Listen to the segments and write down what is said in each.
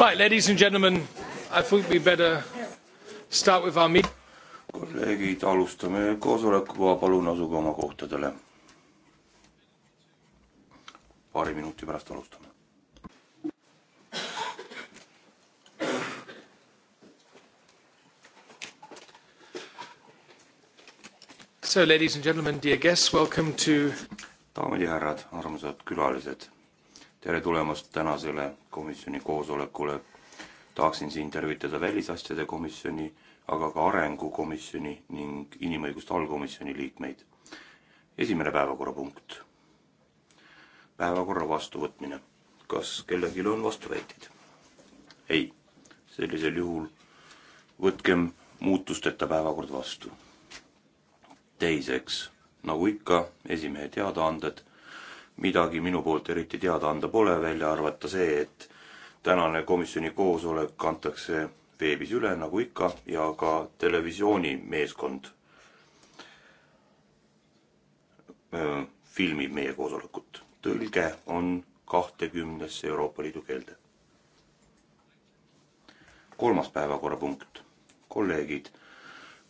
Right, ladies and gentlemen, I think we better start with our meeting. kolleegid, alustame koosolekuga, palun asuge oma kohtadele. paari minuti pärast alustame. So ladies and gentlemen, dear guests, welcome to daamid ja härrad, armsad külalised tere tulemast tänasele komisjoni koosolekule. tahaksin siin tervitada Välisasjade Komisjoni, aga ka Arengukomisjoni ning Inimõiguste Allkomisjoni liikmeid. esimene päevakorrapunkt. päevakorra vastuvõtmine. kas kellelgi on vastuväiteid? ei. sellisel juhul võtkem muutusteta päevakord vastu. teiseks, nagu ikka, esimehe teadaanded midagi minu poolt eriti teada anda pole, välja arvata see, et tänane komisjoni koosolek antakse veebis üle, nagu ikka, ja ka televisioonimeeskond filmib meie koosolekut. tõlge on kahtekümnesse Euroopa Liidu keelde. kolmas päevakorrapunkt. kolleegid,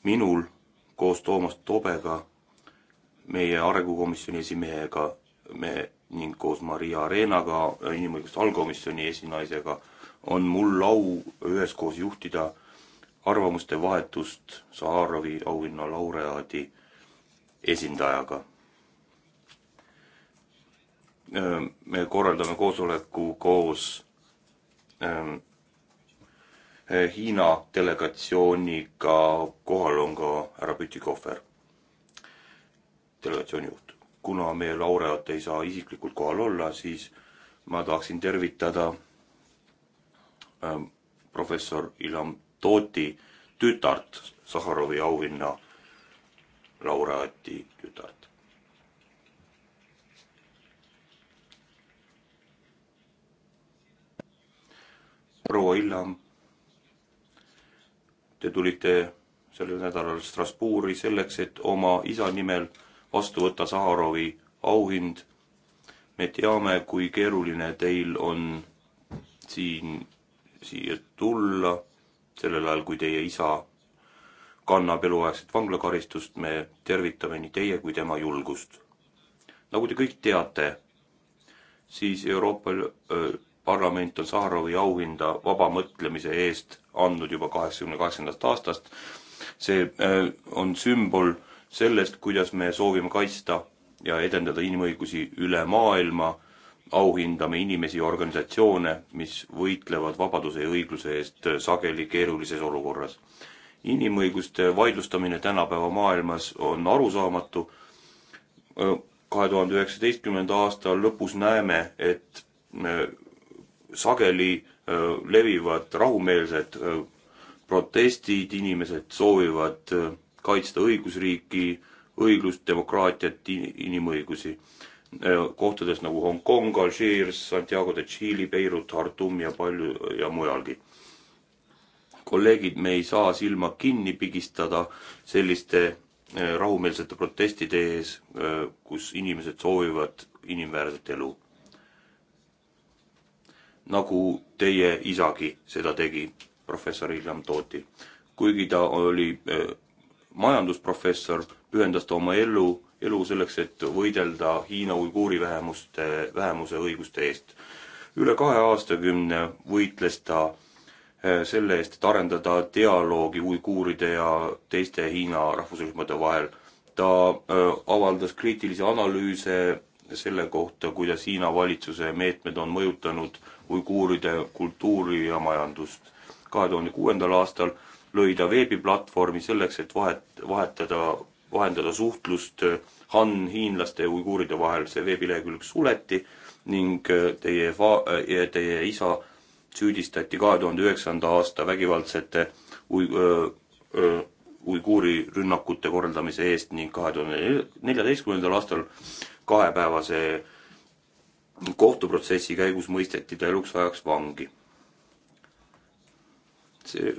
minul koos Toomas Tobega, meie arengukomisjoni esimehega me ning koos Maria Areenaga, inimõiguste allkomisjoni esinaisega, on mul au üheskoos juhtida arvamuste vahetust Saharovi auhinna laureaadi esindajaga. me korraldame koosoleku koos Hiina delegatsiooniga, kohal on ka härra Pütikohver, delegatsiooni juht kuna meie laureaat ei saa isiklikult kohal olla, siis ma tahaksin tervitada ähm, professor Ilham Tooti tütart, Sahharovi auhinna laureaati tütart. proua Illam, te tulite sellel nädalal Strasbourgi selleks, et oma isa nimel vastu võtta Saharovi auhind. me teame, kui keeruline teil on siin, siia tulla, sellel ajal, kui teie isa kannab eluaegset vanglakaristust, me tervitame nii teie kui tema julgust. nagu te kõik teate, siis Euroopa öö, parlament on Saharovi auhinda vaba mõtlemise eest andnud juba kaheksakümne kaheksandast aastast. see öö, on sümbol sellest, kuidas me soovime kaitsta ja edendada inimõigusi üle maailma, auhindame inimesi ja organisatsioone, mis võitlevad vabaduse ja õigluse eest sageli keerulises olukorras. inimõiguste vaidlustamine tänapäeva maailmas on arusaamatu, kahe tuhande üheksateistkümnenda aasta lõpus näeme, et äh, sageli äh, levivad rahumeelsed äh, protestid, inimesed soovivad kaitsta õigusriiki, õiglust, demokraatiat, inimõigusi. Äh, kohtades nagu Hongkong, Alžeers, Santiago de Chile, Beirut, Khartoum ja palju ja mujalgi. kolleegid, me ei saa silma kinni pigistada selliste äh, rahumeelsete protestide ees, äh, kus inimesed soovivad inimväärset elu. nagu teie isagi seda tegi, professor Ilham Tooti. kuigi ta oli majandusprofessor, pühendas ta oma ellu, elu selleks, et võidelda Hiina uiguuri vähemuste, vähemuse õiguste eest. üle kahe aastakümne võitles ta eh, selle eest, et arendada dialoogi uiguuride ja teiste Hiina rahvusrühmade vahel. ta eh, avaldas kriitilisi analüüse selle kohta, kuidas Hiina valitsuse meetmed on mõjutanud uiguuride kultuuri ja majandust. kahe tuhande kuuendal aastal lõida veebiplatvormi selleks, et vahet, vahetada, vahendada suhtlust äh, Han hiinlaste ja uiguuride vahel, see veebilehekülg suleti ning äh, teie fa-, äh, teie isa süüdistati kahe tuhande üheksanda aasta vägivaldsete ui-, öö, uiguuri rünnakute korraldamise eest ning kahe tuhande neljateistkümnendal aastal kahepäevase kohtuprotsessi käigus mõisteti ta eluks ajaks vangi. see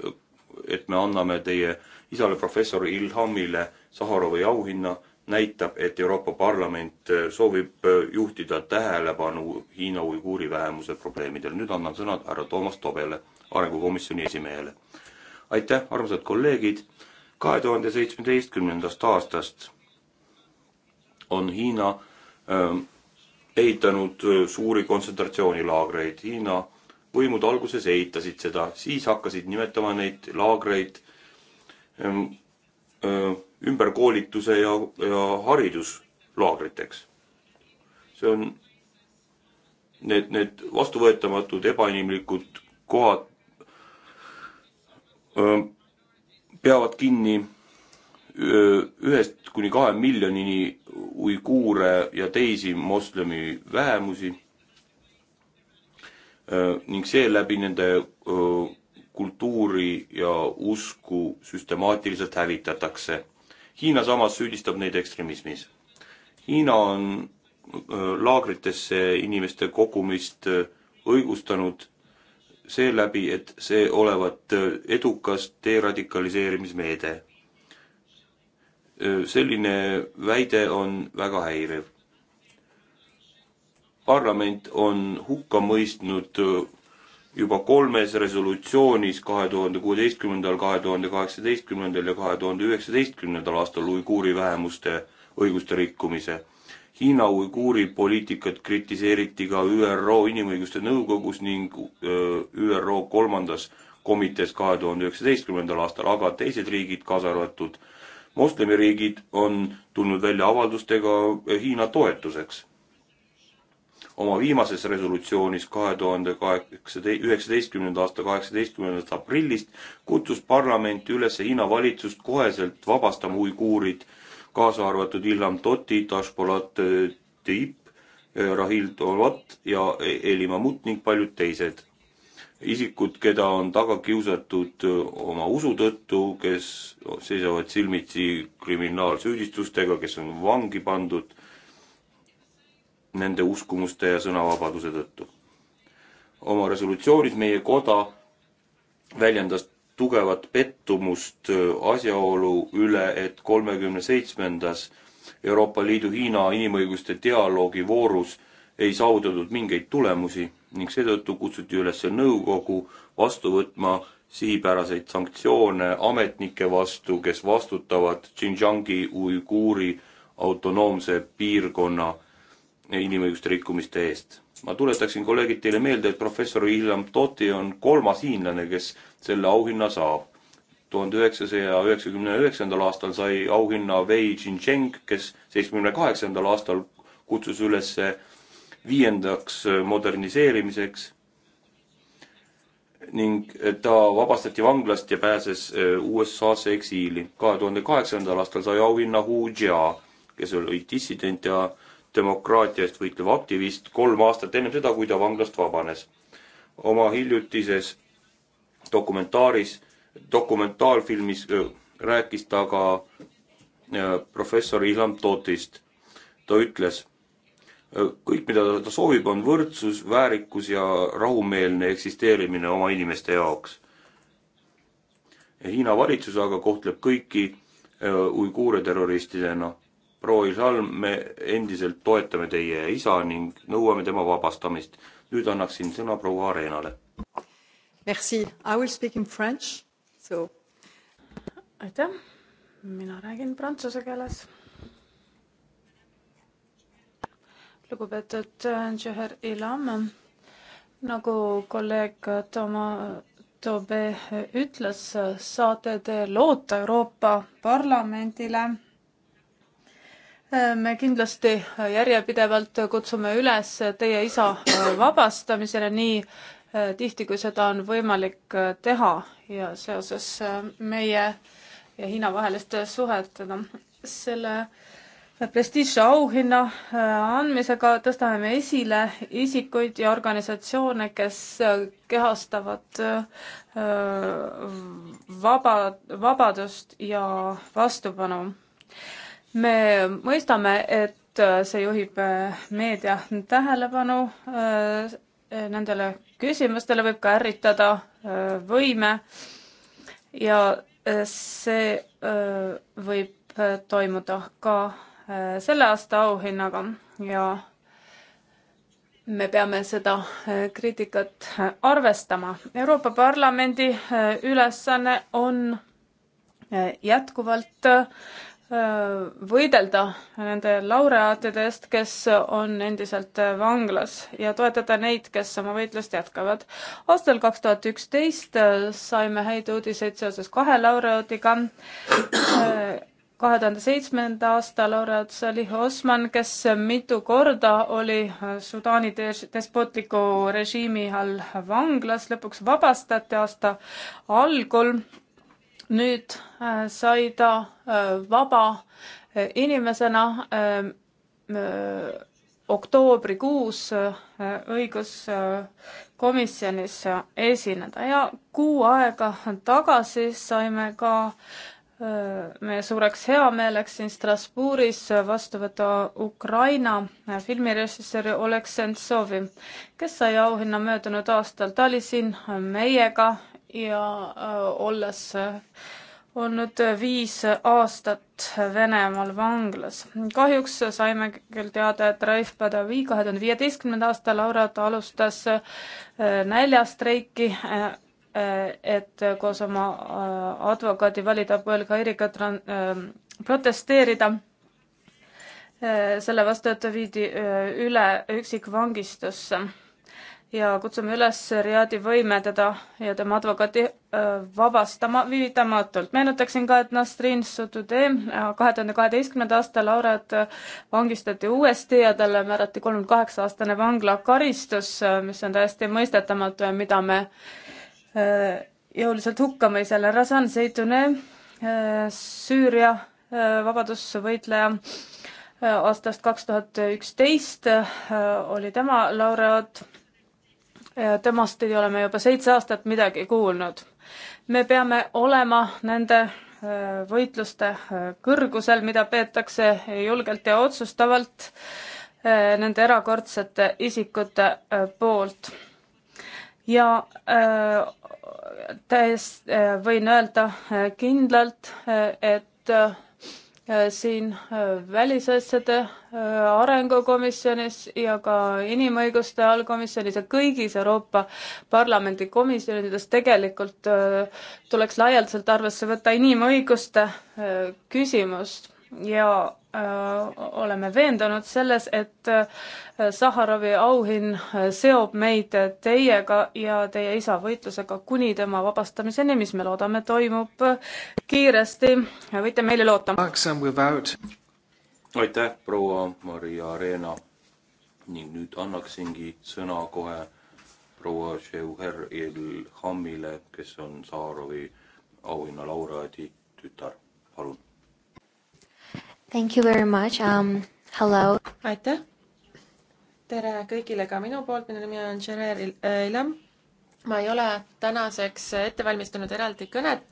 et me anname teie isale, professor Ilhamile Saharovi auhinna, näitab, et Euroopa Parlament äh, soovib äh, juhtida tähelepanu Hiina-Uiguuri vähemuse probleemidele. nüüd annan sõnad härra Toomas Tobele, arengukomisjoni esimehele. aitäh, armsad kolleegid, kahe tuhande seitsmeteistkümnendast aastast on Hiina öö, ähm, ehitanud äh, suuri kontsentratsioonilaagreid. Hiina võimud alguses eitasid seda, siis hakkasid nimetama neid laagreid ehm, ehm, ümberkoolituse ja, ja hariduslaagriteks. see on need, need vastuvõetamatud ebainimlikud kohad öö, ehm, peavad kinni öö, ühest kuni kahe miljonini uiguure ja teisi moslemi vähemusi Äh, ning seeläbi nende äh, kultuuri ja usku süstemaatiliselt hävitatakse. Hiina samas süüdistab neid ekstremismis. Hiina on äh, laagritesse inimeste kogumist õigustanud seeläbi, et see olevat edukas deradikaliseerimismeede. selline väide on väga häiriv parlament on hukka mõistnud äh, juba kolmes resolutsioonis kahe tuhande kuueteistkümnendal, kahe tuhande kaheksateistkümnendal ja kahe tuhande üheksateistkümnendal aastal uiguuri vähemuste õiguste rikkumise. Hiina uiguuri poliitikat kritiseeriti ka ÜRO Inimõiguste Nõukogus ning äh, ÜRO kolmandas komitees kahe tuhande üheksateistkümnendal aastal, aga teised riigid, kaasa arvatud moslemiriigid, on tulnud välja avaldustega Hiina toetuseks oma viimases resolutsioonis kahe tuhande kaheksatei-, üheksateistkümnenda aasta kaheksateistkümnendast aprillist kutsus parlament üles Hiina valitsust koheselt vabastama uiguurid, kaasa arvatud Ilham Toti, Tashpolat Teip, eh, eh, Rahil Tolot ja e-, Eli Mamut ning paljud teised isikud, keda on taga kiusatud eh, oma usu tõttu, kes seisavad silmitsi kriminaalsüüdistustega, kes on vangi pandud nende uskumuste ja sõnavabaduse tõttu. oma resolutsioonis meie koda väljendas tugevat pettumust äh, asjaolu üle, et kolmekümne seitsmendas Euroopa Liidu-Hiina inimõiguste dialoogi voorus ei saavutatud mingeid tulemusi ning seetõttu kutsuti üles nõukogu vastu võtma sihipäraseid sanktsioone ametnike vastu, kes vastutavad Xinjiangi uiguuri autonoomse piirkonna inimõiguste rikkumiste eest. ma tuletaksin, kolleegid, teile meelde, et professor Ilham Tohti on kolmas hiinlane, kes selle auhinna saab. tuhande üheksasaja üheksakümne üheksandal aastal sai auhinna Wei Jincheng, kes seitsmekümne kaheksandal aastal kutsus üles viiendaks moderniseerimiseks ning ta vabastati vanglast ja pääses äh, USA-sse eksiili. kahe tuhande kaheksandal aastal sai auhinna Hu Jia, kes oli dissident ja demokraatia eest võitlev aktivist kolm aastat ennem seda, kui ta vanglast vabanes. oma hiljutises dokumentaaris, dokumentaalfilmis öö, rääkis ta ka öö, professor Ilham Totist. ta ütles, kõik, mida ta soovib, on võrdsus, väärikus ja rahumeelne eksisteerimine oma inimeste jaoks. Hiina valitsus aga kohtleb kõiki uiguure terroristidena no proovi Salm, me endiselt toetame teie isa ning nõuame tema vabastamist. nüüd annaksin sõna proua Areenale. Merci, I will speak in french, so. aitäh, mina räägin prantsuse keeles. lugupeetud Džõher äh, Ilam, nagu kolleeg Toma Tobe ütles, saate te loota Euroopa Parlamendile me kindlasti järjepidevalt kutsume üles teie isa vabastamisele nii eh, tihti, kui seda on võimalik eh, teha ja seoses eh, meie ja Hiina vaheliste suhetega. selle prestiižse auhinna andmisega tõstame me esile isikuid ja organisatsioone, kes kehastavad vaba, vabadust ja vastupanu me mõistame, et äh, see juhib äh, meedia tähelepanu äh, nendele küsimustele, võib ka ärritada võime ja see võib toimuda ka selle aasta auhinnaga ja me peame seda kriitikat arvestama. Euroopa Parlamendi ülesanne on jätkuvalt Äh, võidelda nende laureaatide eest, kes on endiselt äh, vanglas ja toetada neid, kes oma võitlust jätkavad. aastal kaks tuhat üksteist äh, saime häid uudiseid seoses kahe laureaadiga. kahe tuhande seitsmenda aasta laureaat Salih Osman, kes mitu korda oli Sudaani despotliku režiimi all vanglas, lõpuks vabastati aasta algul nüüd äh, sai ta äh, vaba äh, inimesena ähm, oktoobrikuus õiguskomisjonis esineda ja kuu aega tagasi saime ka meie suureks heameeleks siin Strasbourgis vastu võtta Ukraina filmirežissööri Oleg Sentsovi, kes sai auhinna möödunud aastal. ta oli siin meiega ja äh, olles äh, on nüüd äh, viis aastat Venemaal vanglas. kahjuks saime küll teada, et Raif Badavi kahe tuhande viieteistkümnenda aasta laureaat alustas näljastreiki, et koos oma advokaadi valida Põlga-Erika protesteerida selle vastu, et ta viidi üle üksikvangistusse ja kutsume üles Riadi võimendada ja tema advokaati äh, vabastama viivitamatult. meenutaksin ka, et Nasrin Sotudee äh, kahe tuhande kaheteistkümnenda aasta laureaat äh, vangistati uuesti ja talle määrati kolmkümmend kaheksa aastane vanglakaristus, mis on täiesti mõistetamatu ja mida me jõuliselt hukka mõisele. Razan Zeitune, Süüria vabadusvõitleja aastast kaks tuhat üksteist oli tema laureaat temast ei ole me juba seitse aastat midagi kuulnud. me peame olema nende äh, võitluste äh, kõrgusel, mida peetakse julgelt ja otsustavalt äh, nende erakordsete isikute poolt. ja täiesti võin öelda kindlalt, et Äh, siin äh, välisasjade äh, arengukomisjonis ja ka inimõiguste allkomisjonis ja kõigis Euroopa Parlamendi komisjonides tegelikult tuleks laialdaselt arvesse võtta inimõiguste küsimust ja Äh, oleme veendunud selles, et äh, Saharovi auhinn äh, seob meid teiega ja teie isa võitlusega kuni tema vabastamiseni, mis me loodame, toimub kiiresti. võite meile loota. aitäh, proua Maria Reena. ning nüüd annaksingi sõna kohe proua Šeuher Ilhamile, kes on Saharovi auhinna laureaadi tütar. palun Thank you very much um,. Hello. aitäh. tere kõigile ka minu poolt, minu nimi on Gerard Ilem. Äh, ma ei ole tänaseks ette valmistanud eraldi kõnet.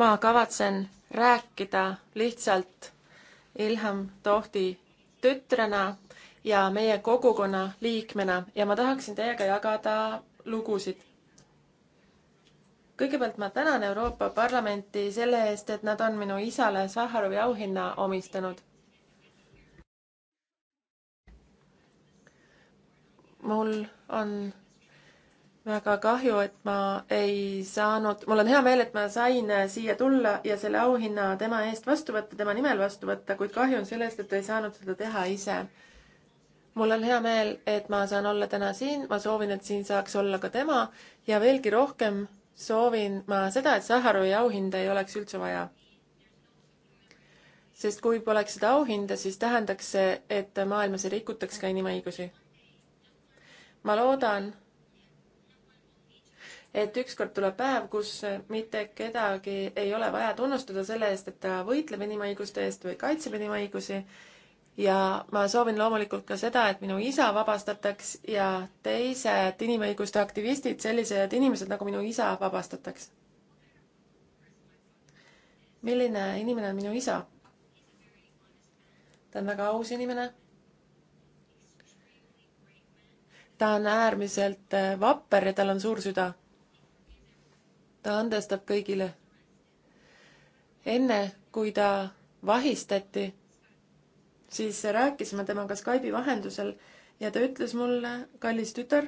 ma kavatsen rääkida lihtsalt Ilham Tohti tütrena ja meie kogukonna liikmena ja ma tahaksin teiega jagada lugusid kõigepealt ma tänan Euroopa Parlamenti selle eest, et nad on minu isale Sahharovi auhinna omistanud. mul on väga kahju, et ma ei saanud, mul on hea meel, et ma sain siia tulla ja selle auhinna tema eest vastu võtta, tema nimel vastu võtta, kuid kahju on sellest, et ei saanud seda teha ise. mul on hea meel, et ma saan olla täna siin, ma soovin, et siin saaks olla ka tema ja veelgi rohkem soovin ma seda, et Saharovi auhinda ei oleks üldse vaja. sest kui poleks seda auhinda, siis tähendaks see, et maailmas ei rikutaks ka inimõigusi. ma loodan, et ükskord tuleb päev, kus mitte kedagi ei ole vaja tunnustada selle eest, et ta võitleb inimõiguste eest või kaitseb inimõigusi ja ma soovin loomulikult ka seda, et minu isa vabastataks ja teised inimõiguste aktivistid, sellised inimesed nagu minu isa vabastataks. milline inimene on minu isa? ta on väga aus inimene. ta on äärmiselt äh, vapper ja tal on suur süda. ta andestab kõigile. enne, kui ta vahistati siis rääkisime temaga Skype'i vahendusel ja ta ütles mulle, kallis tütar,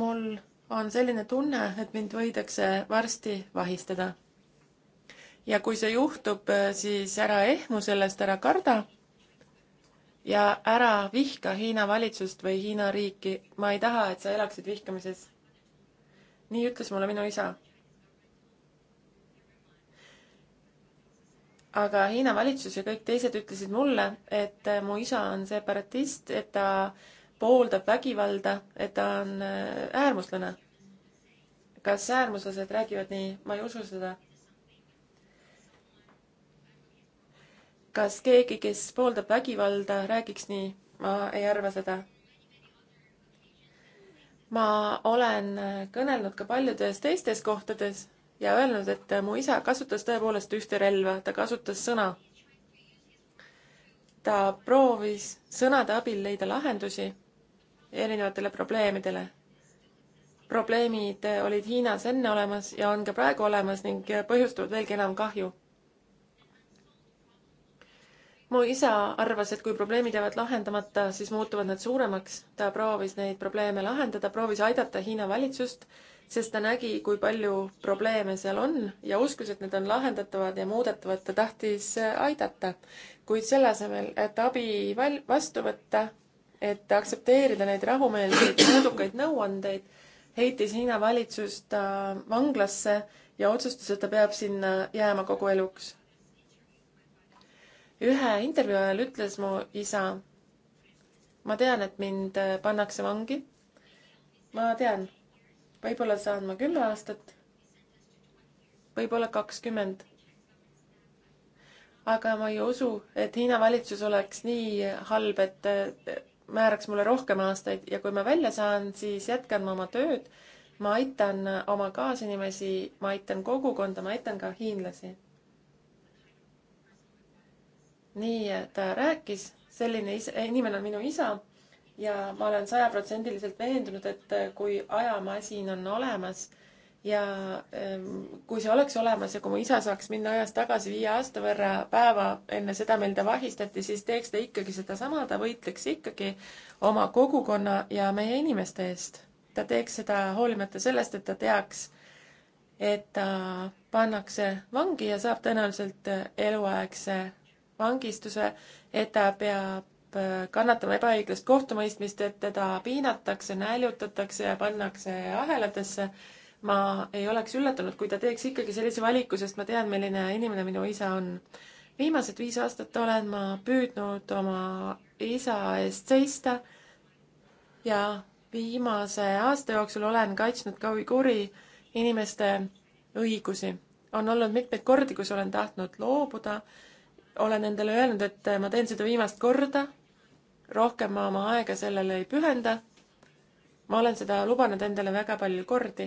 mul on selline tunne, et mind võidakse varsti vahistada. ja kui see juhtub, siis ära ehmu sellest, ära karda ja ära vihka Hiina valitsust või Hiina riiki. ma ei taha, et sa elaksid vihkamises. nii ütles mulle minu isa aga Hiina valitsus ja kõik teised ütlesid mulle, et äh, mu isa on separatist, et ta pooldab vägivalda, et ta on äh, äärmuslane. kas äärmuslased räägivad nii? ma ei usu seda. kas keegi, kes pooldab vägivalda, räägiks nii? ma ei arva seda. ma olen äh, kõnelnud ka paljudes teistes kohtades ja öelnud, et mu isa kasutas tõepoolest ühte relva, ta kasutas sõna. ta proovis sõnade abil leida lahendusi erinevatele probleemidele. probleemid olid Hiinas enne olemas ja on ka praegu olemas ning põhjustavad veelgi enam kahju. mu isa arvas, et kui probleemid jäävad lahendamata, siis muutuvad need suuremaks. ta proovis neid probleeme lahendada, proovis aidata Hiina valitsust sest ta nägi, kui palju probleeme seal on ja uskus, et need on lahendatavad ja muudetavad, ta tahtis äh, aidata. kuid selle asemel, et abi val-, vastu võtta, et aktsepteerida neid rahumeelseid mõõdukaid nõuandeid, heitis Hiina valitsus ta vanglasse ja otsustas, et ta peab sinna jääma kogu eluks. ühe intervjuu ajal ütles mu isa, ma tean, et mind äh, pannakse vangi. ma tean võib-olla saan ma kümme aastat, võib-olla kakskümmend. aga ma ei usu, et Hiina valitsus oleks nii halb, et määraks mulle rohkem aastaid ja kui ma välja saan, siis jätkan ma oma tööd. ma aitan oma kaasinimesi, ma aitan kogukonda, ma aitan ka hiinlasi. nii ta rääkis, selline is-, inimene on minu isa ja ma olen sajaprotsendiliselt veendunud, et äh, kui ajamasin on olemas ja ähm, kui see oleks olemas ja kui mu isa saaks minna ajas tagasi viie aasta võrra päeva enne seda, mil ta vahistati, siis teeks ta ikkagi sedasama, ta võitleks ikkagi oma kogukonna ja meie inimeste eest. ta teeks seda hoolimata sellest, et ta teaks, et ta pannakse vangi ja saab tõenäoliselt äh, eluaegse vangistuse, et ta peab peab äh, kannatama ebaõiglast kohtumõistmist, et teda piinatakse, näljutatakse ja pannakse ahelatesse. ma ei oleks üllatunud, kui ta teeks ikkagi sellise valiku, sest ma tean, milline inimene minu isa on. viimased viis aastat olen ma püüdnud oma isa eest seista ja viimase aasta jooksul olen kaitsnud ka uiguuri inimeste õigusi. on olnud mitmeid kordi, kus olen tahtnud loobuda olen endale öelnud, et ma teen seda viimast korda, rohkem ma oma aega sellele ei pühenda. ma olen seda lubanud endale väga palju kordi,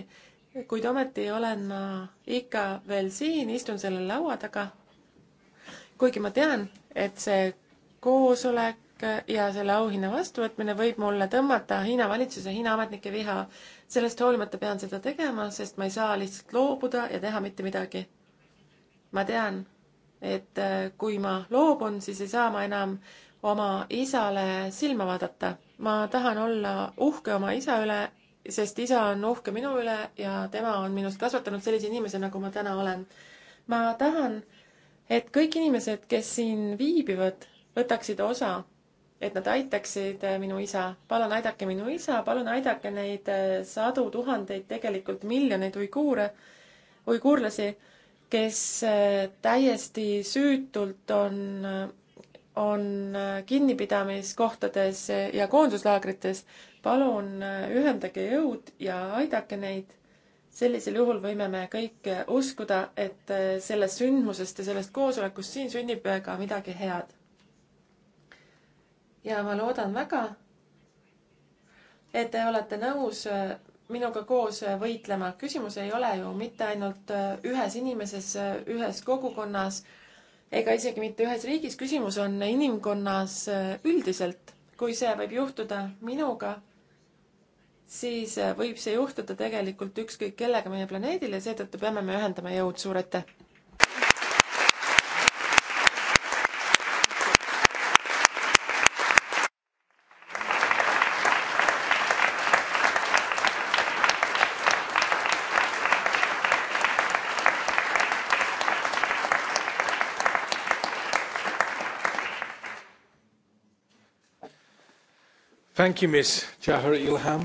kuid ometi olen ma ikka veel siin, istun selle laua taga. kuigi ma tean, et see koosolek ja selle auhinna vastuvõtmine võib mulle tõmmata Hiina valitsuse, Hiina ametnike viha. sellest hoolimata pean seda tegema, sest ma ei saa lihtsalt loobuda ja teha mitte midagi. ma tean, et kui ma loobun, siis ei saa ma enam oma isale silma vaadata. ma tahan olla uhke oma isa üle, sest isa on uhke minu üle ja tema on minust kasvatanud sellise inimese, nagu ma täna olen. ma tahan, et kõik inimesed, kes siin viibivad, võtaksid osa, et nad aitaksid minu isa. palun aidake minu isa, palun aidake neid äh, sadu tuhandeid, tegelikult miljoneid uiguure, uiguurlasi, kes äh, täiesti süütult on äh, on äh, kinnipidamiskohtades ja koonduslaagrites, palun äh, ühendage jõud ja aidake neid. sellisel juhul võime me kõik äh, uskuda, et sellest sündmusest ja sellest koosolekust siin sünnib ka midagi head. ja ma loodan väga, et te olete nõus minuga koos võitlema. küsimus ei ole ju mitte ainult ühes inimeses, ühes kogukonnas ega isegi mitte ühes riigis, küsimus on inimkonnas äh, üldiselt. kui see võib juhtuda minuga, siis äh, võib see juhtuda tegelikult ükskõik kellega meie planeedil ja seetõttu peame me ühendama jõud, suur aitäh! Thank you, Miss Jahar Ilham.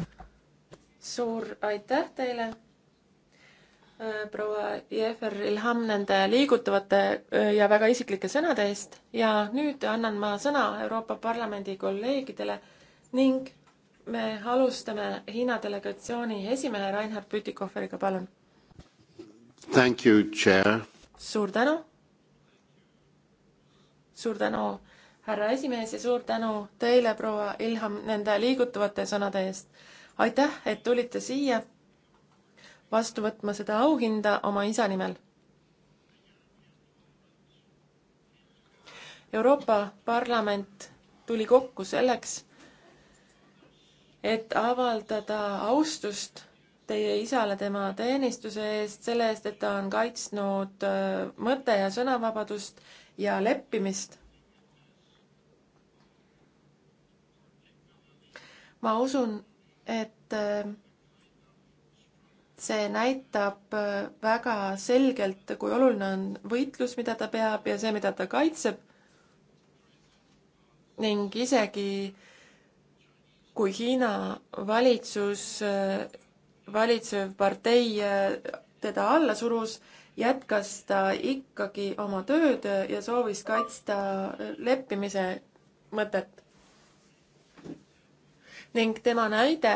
suur aitäh teile, äh, proua Jefer Ilham, nende liigutavate äh, ja väga isiklike sõnade eest ja nüüd annan ma sõna Euroopa Parlamendi kolleegidele ning me alustame Hiina delegatsiooni esimehe Reinhard Pütikoferiga, palun. Thank you, chair. suur tänu. suur tänu härra esimees ja suur tänu teile, proua Ilham, nende liigutavate sõnade eest. aitäh, et tulite siia vastu võtma seda auhinda oma isa nimel. Euroopa Parlament tuli kokku selleks, et avaldada austust teie isale tema teenistuse eest, selle eest, et ta on kaitsnud äh, mõtte- ja sõnavabadust ja leppimist ma usun, et äh, see näitab äh, väga selgelt, kui oluline on võitlus, mida ta peab ja see, mida ta kaitseb. ning isegi kui Hiina valitsus, äh, valitsev partei teda alla surus, jätkas ta ikkagi oma tööd ja soovis kaitsta leppimise mõtet ning tema näide,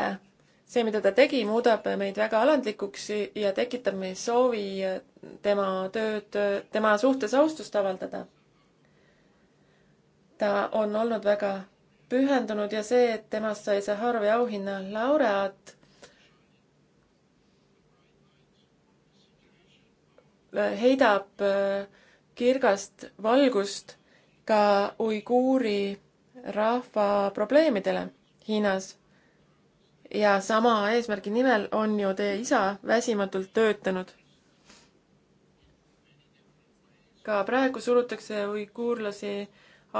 see, mida ta tegi, muudab meid väga alandlikuks ja tekitab meis soovi tema tööd, tema suhtes austust avaldada. ta on olnud väga pühendunud ja see, et temast sai Saharovi auhinna laureaat, heidab kirgast valgust ka uiguuri rahva probleemidele. Hiinas. ja sama eesmärgi nimel on ju teie isa väsimatult töötanud. ka praegu surutakse uiguurlasi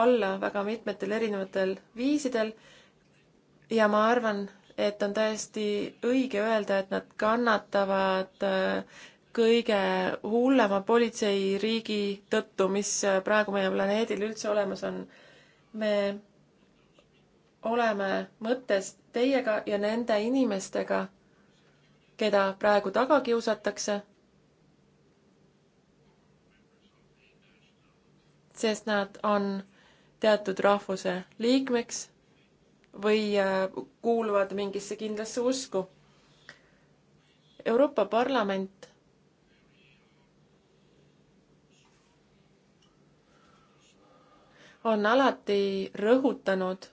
alla väga mitmetel erinevatel viisidel ja ma arvan, et on täiesti õige öelda, et nad kannatavad äh, kõige hullema politseiriigi tõttu, mis äh, praegu meie planeedil üldse olemas on. me oleme mõttes teiega ja nende inimestega, keda praegu taga kiusatakse, sest nad on teatud rahvuse liikmeks või äh, kuuluvad mingisse kindlasse usku. Euroopa Parlament on alati rõhutanud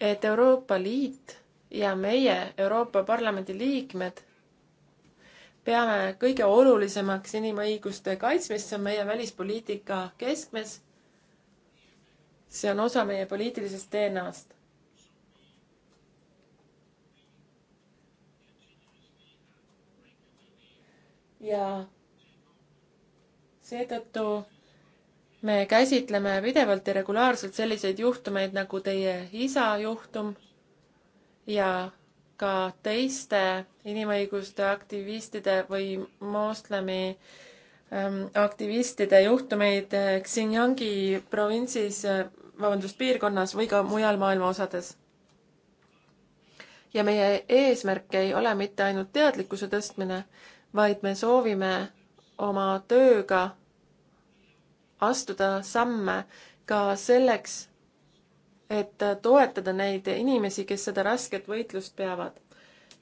et Euroopa Liit ja meie, Euroopa Parlamendi liikmed, peame kõige olulisemaks inimõiguste kaitsmist, see on meie välispoliitika keskmes. see on osa meie poliitilisest DNA-st. ja seetõttu me käsitleme pidevalt ja regulaarselt selliseid juhtumeid nagu teie isa juhtum ja ka teiste inimõiguste aktivistide või moslemi ähm, aktivistide juhtumeid äh, Xinjiangi provintsis, äh, vabandust, piirkonnas või ka mujal maailma osades. ja meie eesmärk ei ole mitte ainult teadlikkuse tõstmine, vaid me soovime oma tööga astuda samme ka selleks, et toetada neid inimesi, kes seda rasket võitlust peavad.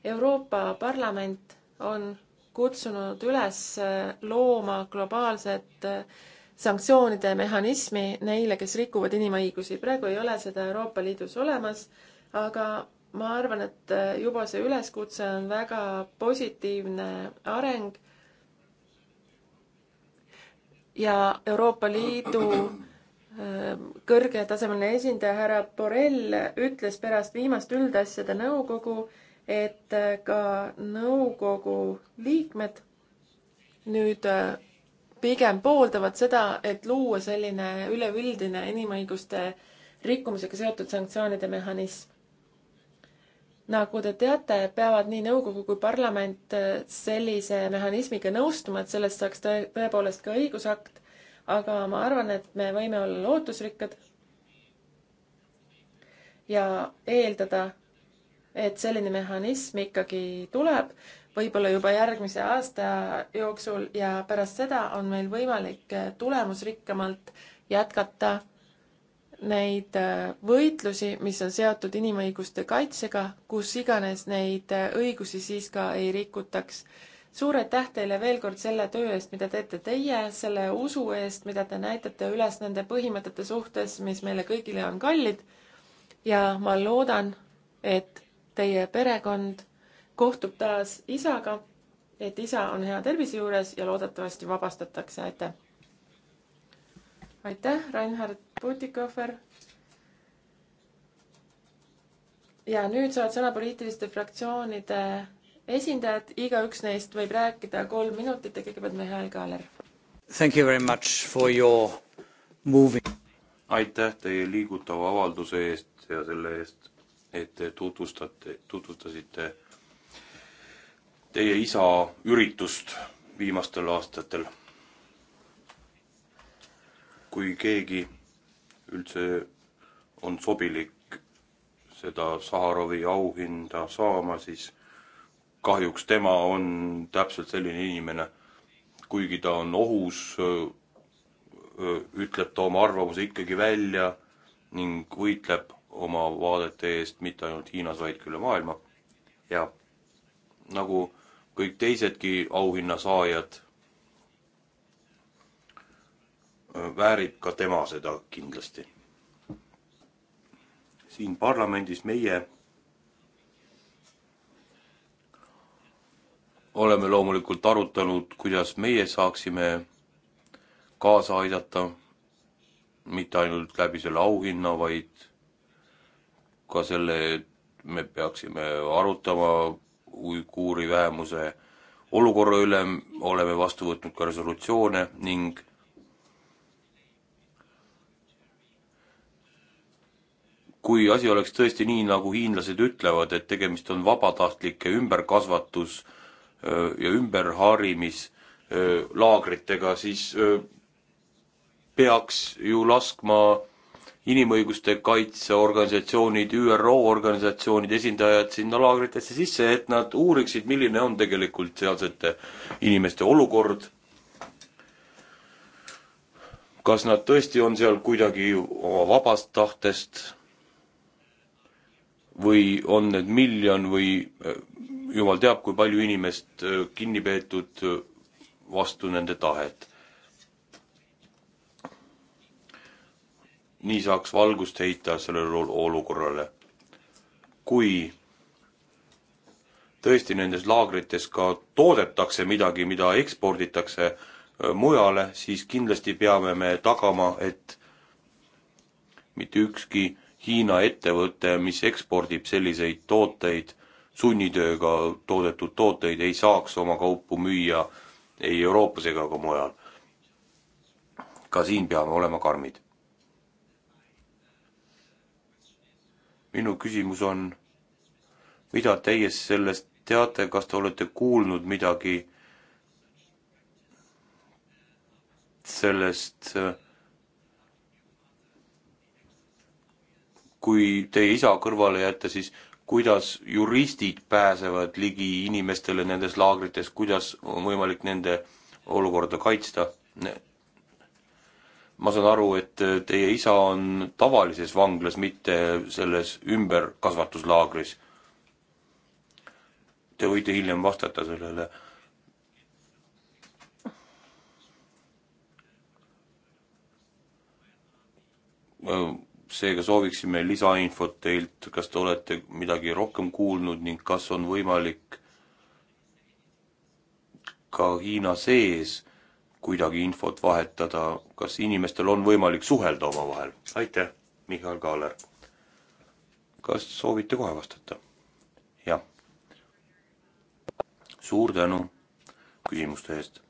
Euroopa Parlament on kutsunud üles looma globaalset sanktsioonide mehhanismi neile, kes rikuvad inimõigusi. praegu ei ole seda Euroopa Liidus olemas, aga ma arvan, et juba see üleskutse on väga positiivne areng ja Euroopa Liidu ähm, kõrgetasemeline esindaja härra Borrell ütles pärast viimast üldasjade nõukogu, et äh, ka nõukogu liikmed nüüd äh, pigem pooldavad seda, et luua selline üleüldine inimõiguste rikkumisega seotud sanktsioonide mehhanism nagu te teate, peavad nii nõukogu kui parlament äh, sellise mehhanismiga nõustuma, et sellest saaks tõepoolest ka õigusakt, aga ma arvan, et me võime olla lootusrikkad ja eeldada, et selline mehhanism ikkagi tuleb, võib-olla juba järgmise aasta jooksul ja pärast seda on meil võimalik äh, tulemusrikkamalt jätkata neid äh, võitlusi, mis on seotud inimõiguste kaitsega, kus iganes neid äh, õigusi siis ka ei rikutaks. suur aitäh teile veel kord selle töö eest, mida teete teie, selle usu eest, mida te näitate üles nende põhimõtete suhtes, mis meile kõigile on kallid. ja ma loodan, et teie perekond kohtub taas isaga, et isa on hea tervise juures ja loodetavasti vabastatakse, aitäh! aitäh, Reinhard Putikofer. ja nüüd saavad sõna poliitiliste fraktsioonide esindajad, igaüks neist võib rääkida kolm minutit ja kõigepealt Mihhail Kaaler. Thank you very much for your moving. aitäh teie liigutava avalduse eest ja selle eest, et te tutvustate, tutvustasite teie isa üritust viimastel aastatel kui keegi üldse on sobilik seda Saharovi auhinda saama, siis kahjuks tema on täpselt selline inimene. kuigi ta on ohus, ütleb ta oma arvamuse ikkagi välja ning võitleb oma vaadete eest mitte ainult Hiinas, vaid üle maailma. ja nagu kõik teisedki auhinna saajad väärib ka tema seda kindlasti. siin parlamendis meie oleme loomulikult arutanud, kuidas meie saaksime kaasa aidata, mitte ainult läbi selle auhinna, vaid ka selle, et me peaksime arutama uiguuri vähemuse olukorra üle, oleme vastu võtnud ka resolutsioone ning kui asi oleks tõesti nii, nagu hiinlased ütlevad, et tegemist on vabatahtlike ümberkasvatus ja ümberharimislaagritega, siis peaks ju laskma inimõiguste kaitseorganisatsioonid, ÜRO organisatsioonide esindajad sinna laagritesse sisse, et nad uuriksid, milline on tegelikult sealsete inimeste olukord. kas nad tõesti on seal kuidagi oma vabast tahtest või on need miljon või eh, jumal teab, kui palju inimest eh, kinni peetud eh, vastu nende tahet. nii saaks valgust heita sellele olukorrale. kui tõesti nendes laagrites ka toodetakse midagi, mida eksporditakse mujale, siis kindlasti peame me tagama, et mitte ükski äh, Hiina ettevõte, mis ekspordib selliseid tooteid, sunnitööga toodetud tooteid, ei saaks oma kaupu müüa ei Euroopas ega ka mujal. ka siin peame olema karmid. minu küsimus on, mida teie sellest teate, kas te olete kuulnud midagi sellest äh, kui teie isa kõrvale jätta, siis kuidas juristid pääsevad ligi inimestele nendes laagrites, kuidas on võimalik nende olukorda kaitsta? ma saan aru, et teie isa on tavalises vanglas, mitte selles ümberkasvatuslaagris. Te võite hiljem vastata sellele äh, seega sooviksime lisainfot teilt, kas te olete midagi rohkem kuulnud ning kas on võimalik ka Hiina sees kuidagi infot vahetada, kas inimestel on võimalik suhelda omavahel? aitäh, Mihhail Kaaler. kas soovite kohe vastata? jah. suur tänu küsimuste eest.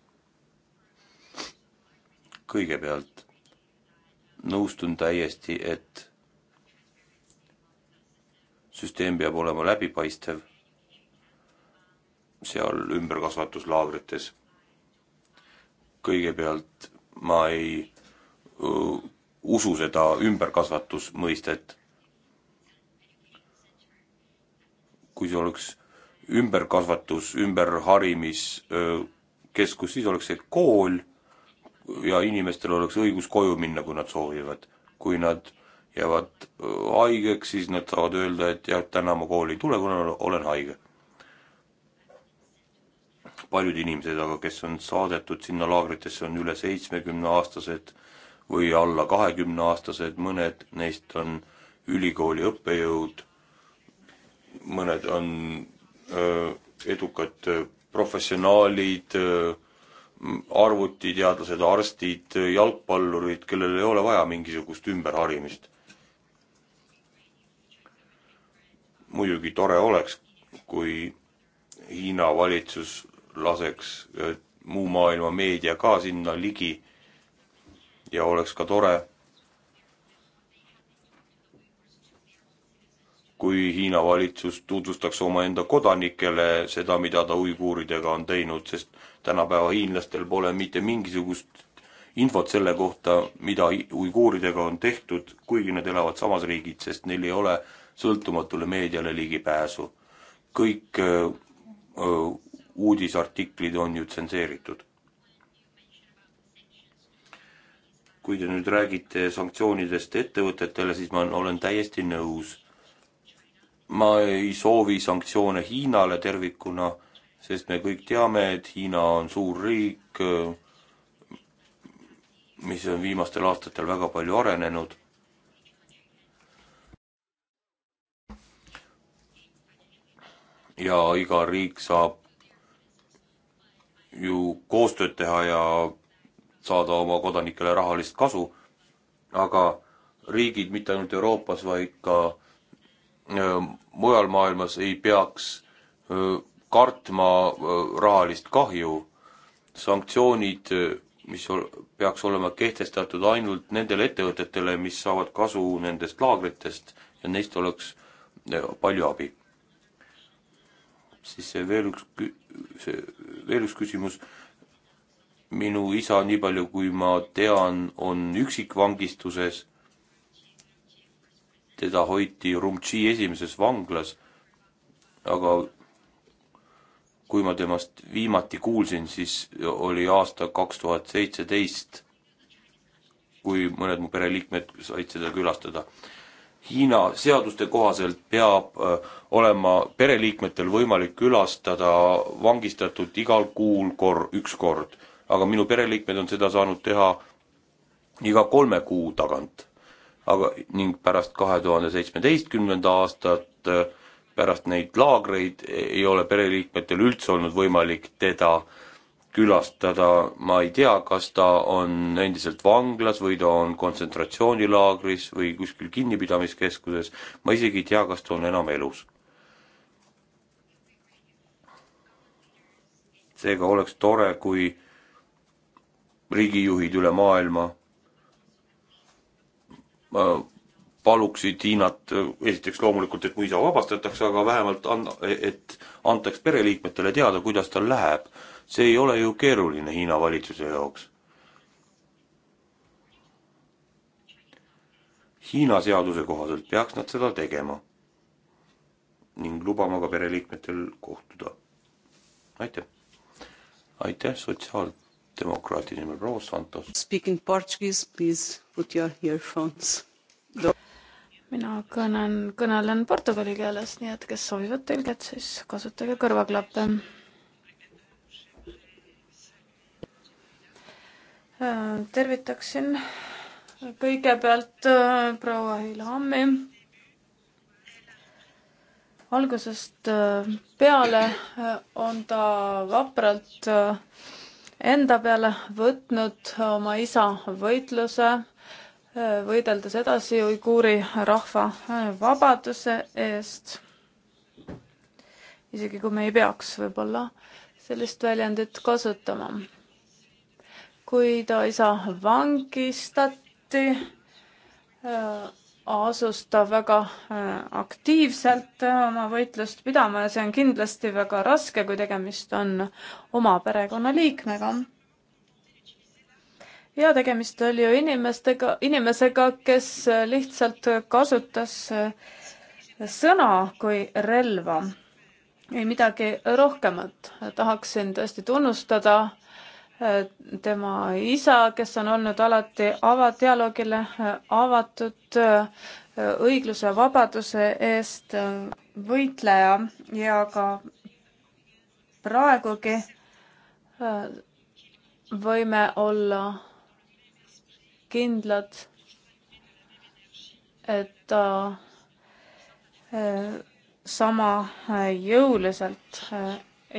kõigepealt nõustun täiesti, et süsteem peab olema läbipaistev seal ümberkasvatuslaagrites. kõigepealt ma ei öö, usu seda ümberkasvatusmõistet. kui see oleks ümberkasvatus, ümberharimis, keskus, siis oleks see kool ja inimestel oleks õigus koju minna, kui nad soovivad. kui nad jäävad äh, haigeks, siis nad saavad öelda, et jah, täna ma kooli ei tule, kuna olen haige. paljud inimesed aga, kes on saadetud sinna laagritesse, on üle seitsmekümneaastased või alla kahekümneaastased, mõned neist on ülikooli õppejõud, mõned on öö, äh, edukad äh, professionaalid öö, arvutiteadlased, arstid, jalgpallurid, kellel ei ole vaja mingisugust ümberharimist. muidugi tore oleks, kui Hiina valitsus laseks eh, muu maailma meedia ka sinna ligi ja oleks ka tore, kui Hiina valitsus tutvustaks omaenda kodanikele seda, mida ta uiguuridega on teinud, sest tänapäeva hiinlastel pole mitte mingisugust infot selle kohta, mida uiguuridega on tehtud, kuigi nad elavad samas riigid, sest neil ei ole sõltumatule meediale ligipääsu. kõik öö, uudisartiklid on ju tsenseeritud. kui te nüüd räägite sanktsioonidest ettevõtetele, siis ma olen täiesti nõus. ma ei soovi sanktsioone Hiinale tervikuna sest me kõik teame, et Hiina on suur riik, mis on viimastel aastatel väga palju arenenud. ja iga riik saab ju koostööd teha ja saada oma kodanikele rahalist kasu, aga riigid mitte ainult Euroopas, vaid ka öö, äh, mujal maailmas ei peaks öö, äh, kartma rahalist kahju. sanktsioonid, mis ol-, peaks olema kehtestatud ainult nendele ettevõtetele, mis saavad kasu nendest laagritest ja neist oleks palju abi. siis see veel üks, see veel üks küsimus, minu isa, nii palju kui ma tean, on üksikvangistuses, teda hoiti Rumtši esimeses vanglas, aga kui ma temast viimati kuulsin, siis oli aasta kaks tuhat seitseteist, kui mõned mu pereliikmed said seda külastada. Hiina seaduste kohaselt peab äh, olema pereliikmetel võimalik külastada vangistatud igal kuul kor-, üks kord, aga minu pereliikmed on seda saanud teha iga kolme kuu tagant. aga, ning pärast kahe tuhande seitsmeteistkümnenda aastat äh, pärast neid laagreid ei ole pereliikmetel üldse olnud võimalik teda külastada, ma ei tea, kas ta on endiselt vanglas või ta on kontsentratsioonilaagris või kuskil kinnipidamiskeskuses, ma isegi ei tea, kas ta on enam elus. seega oleks tore, kui riigijuhid üle maailma paluksid Hiinat esiteks loomulikult, et mu isa vabastatakse, aga vähemalt an-, et antaks pereliikmetele teada, kuidas tal läheb. see ei ole ju keeruline Hiina valitsuse jaoks. Hiina seaduse kohaselt peaks nad seda tegema ning lubama ka pereliikmetel kohtuda. aitäh! aitäh, sotsiaaldemokraatide nimel proua Santos! Speaking portuguese, please put your earphones mina kõnen, kõnelen portugali keeles, nii et kes soovivad tõlget, siis kasutage kõrvaklappe. Äh, tervitaksin kõigepealt äh, proua Heila Ammi. algusest äh, peale on ta vapralt enda peale võtnud oma isa võitluse võideldes edasi uiguuri rahva äh, vabaduse eest. isegi kui me ei peaks võib-olla sellist väljendit kasutama. kui ta isa vangistati, äh, asus ta väga äh, aktiivselt oma võitlust pidama ja see on kindlasti väga raske, kui tegemist on oma perekonnaliikmega ja tegemist oli ju inimestega, inimesega, kes lihtsalt kasutas eh, sõna kui relva, ei midagi rohkemat. tahaksin tõesti tunnustada eh, tema isa, kes on olnud alati ava-, dialoogile eh, avatud õigluse ja vabaduse eest võitleja ja ka praegugi võime olla kindlad, et ta eh, sama eh, jõuliselt eh,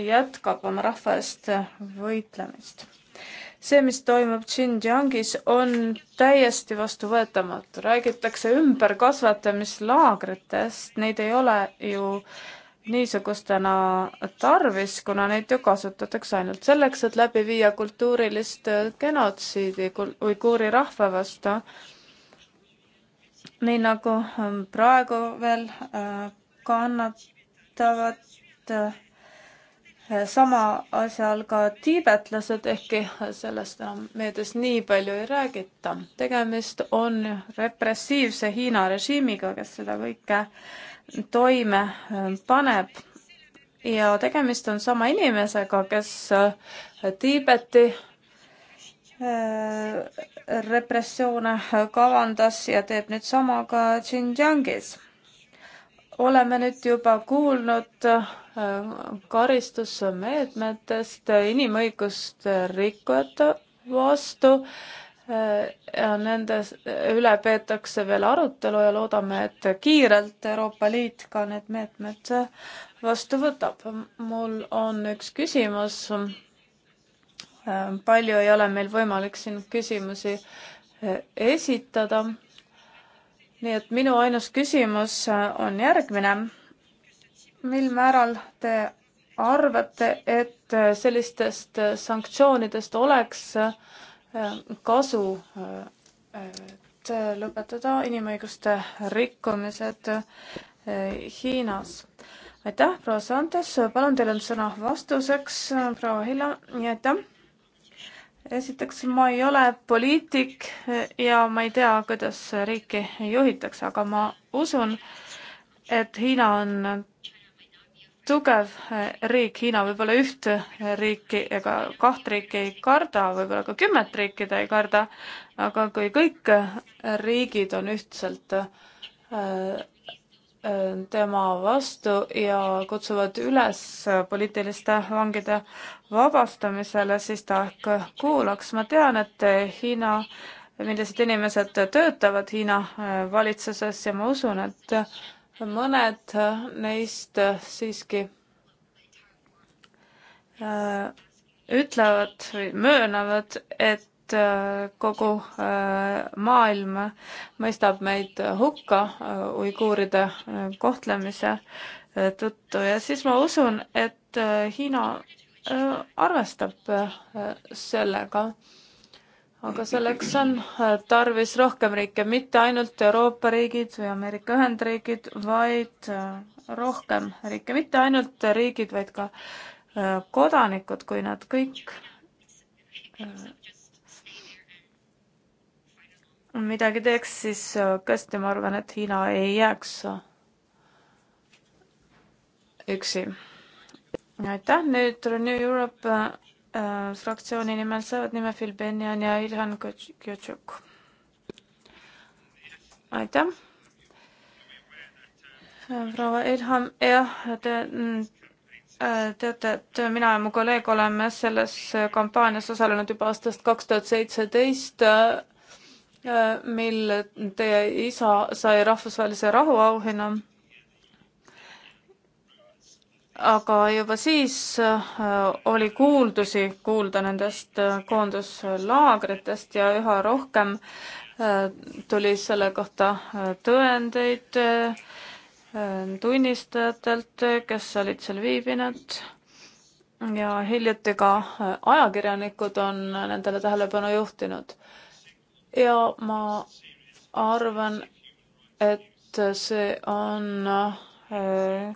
jätkab oma rahva eest võitlemist. see, mis toimub Xinjiangis, on täiesti vastuvõetamatu. räägitakse ümberkasvatamislaagritest, neid ei ole ju äh, niisugustena tarvis, kuna neid ju kasutatakse ainult selleks, et läbi viia kultuurilist äh, genotsiidi uiguuri rahva vastu. nii nagu ähm, praegu veel äh, kannatavad äh, sama asja all ka tiibetlased, ehkki sellest enam meedias nii palju ei räägita. tegemist on repressiivse Hiina režiimiga, kes seda kõike äh, toime äh, paneb ja tegemist on sama inimesega, kes äh, Tiibeti äh, repressioone kavandas ja teeb nüüd sama ka Xinjiangis. oleme nüüd juba kuulnud karistusmeetmetest inimõiguste rikkujate vastu Äh, ja nende üle peetakse veel arutelu ja loodame, et kiirelt Euroopa Liit ka need meetmed vastu võtab. mul on üks küsimus. Äh, palju ei ole meil võimalik siin küsimusi äh, esitada. nii et minu ainus küsimus on järgmine. mil määral te arvate, et sellistest sanktsioonidest oleks äh, Äh, kasu, äh, et lõpetada inimõiguste rikkumised äh, Hiinas. aitäh, proua Santos, palun, teil on sõna vastuseks, proua Hilla, nii aitäh. esiteks, ma ei ole poliitik ja ma ei tea, kuidas riiki juhitakse, aga ma usun, et Hiina on tugev äh, riik, Hiina võib-olla üht äh, riiki ega kaht riiki ei karda, võib-olla ka kümmet riiki ta ei karda, aga kui kõik äh, riigid on ühtselt tema vastu ja kutsuvad üles poliitiliste vangide vabastamisele, siis ta ehk kuulaks. ma tean, et Hiina, millised inimesed töötavad Hiina valitsuses ja ma usun, et mõned äh, neist äh, siiski äh, ütlevad või möönavad, et kogu maailm mõistab meid hukka uiguuride kohtlemise tõttu ja siis ma usun, et Hiina arvestab sellega aga selleks on äh, tarvis rohkem riike, mitte ainult Euroopa riigid või Ameerika Ühendriigid, vaid äh, rohkem riike, mitte ainult riigid, vaid ka äh, kodanikud, kui nad kõik midagi teeks, siis tõesti ma arvan, et Hiina ei jääks üksi. aitäh, nüüd Renew Europe äh, fraktsiooni nimel saavad nime Phil Benjan ja Ilhan Kutšuk. aitäh. Äh, proua Ilhan, jah, te äh, teate, et mina ja mu kolleeg oleme selles kampaanias osalenud juba aastast kaks tuhat seitseteist, äh, mil teie isa sai rahvusvahelise rahuauhinna aga juba siis äh, oli kuuldusi kuulda nendest äh, koonduslaagritest ja üha rohkem äh, tuli selle kohta tõendeid tunnistajatelt, kes olid seal viibinud ja hiljuti ka ajakirjanikud on nendele tähelepanu juhtinud. ja ma arvan, et see on äh,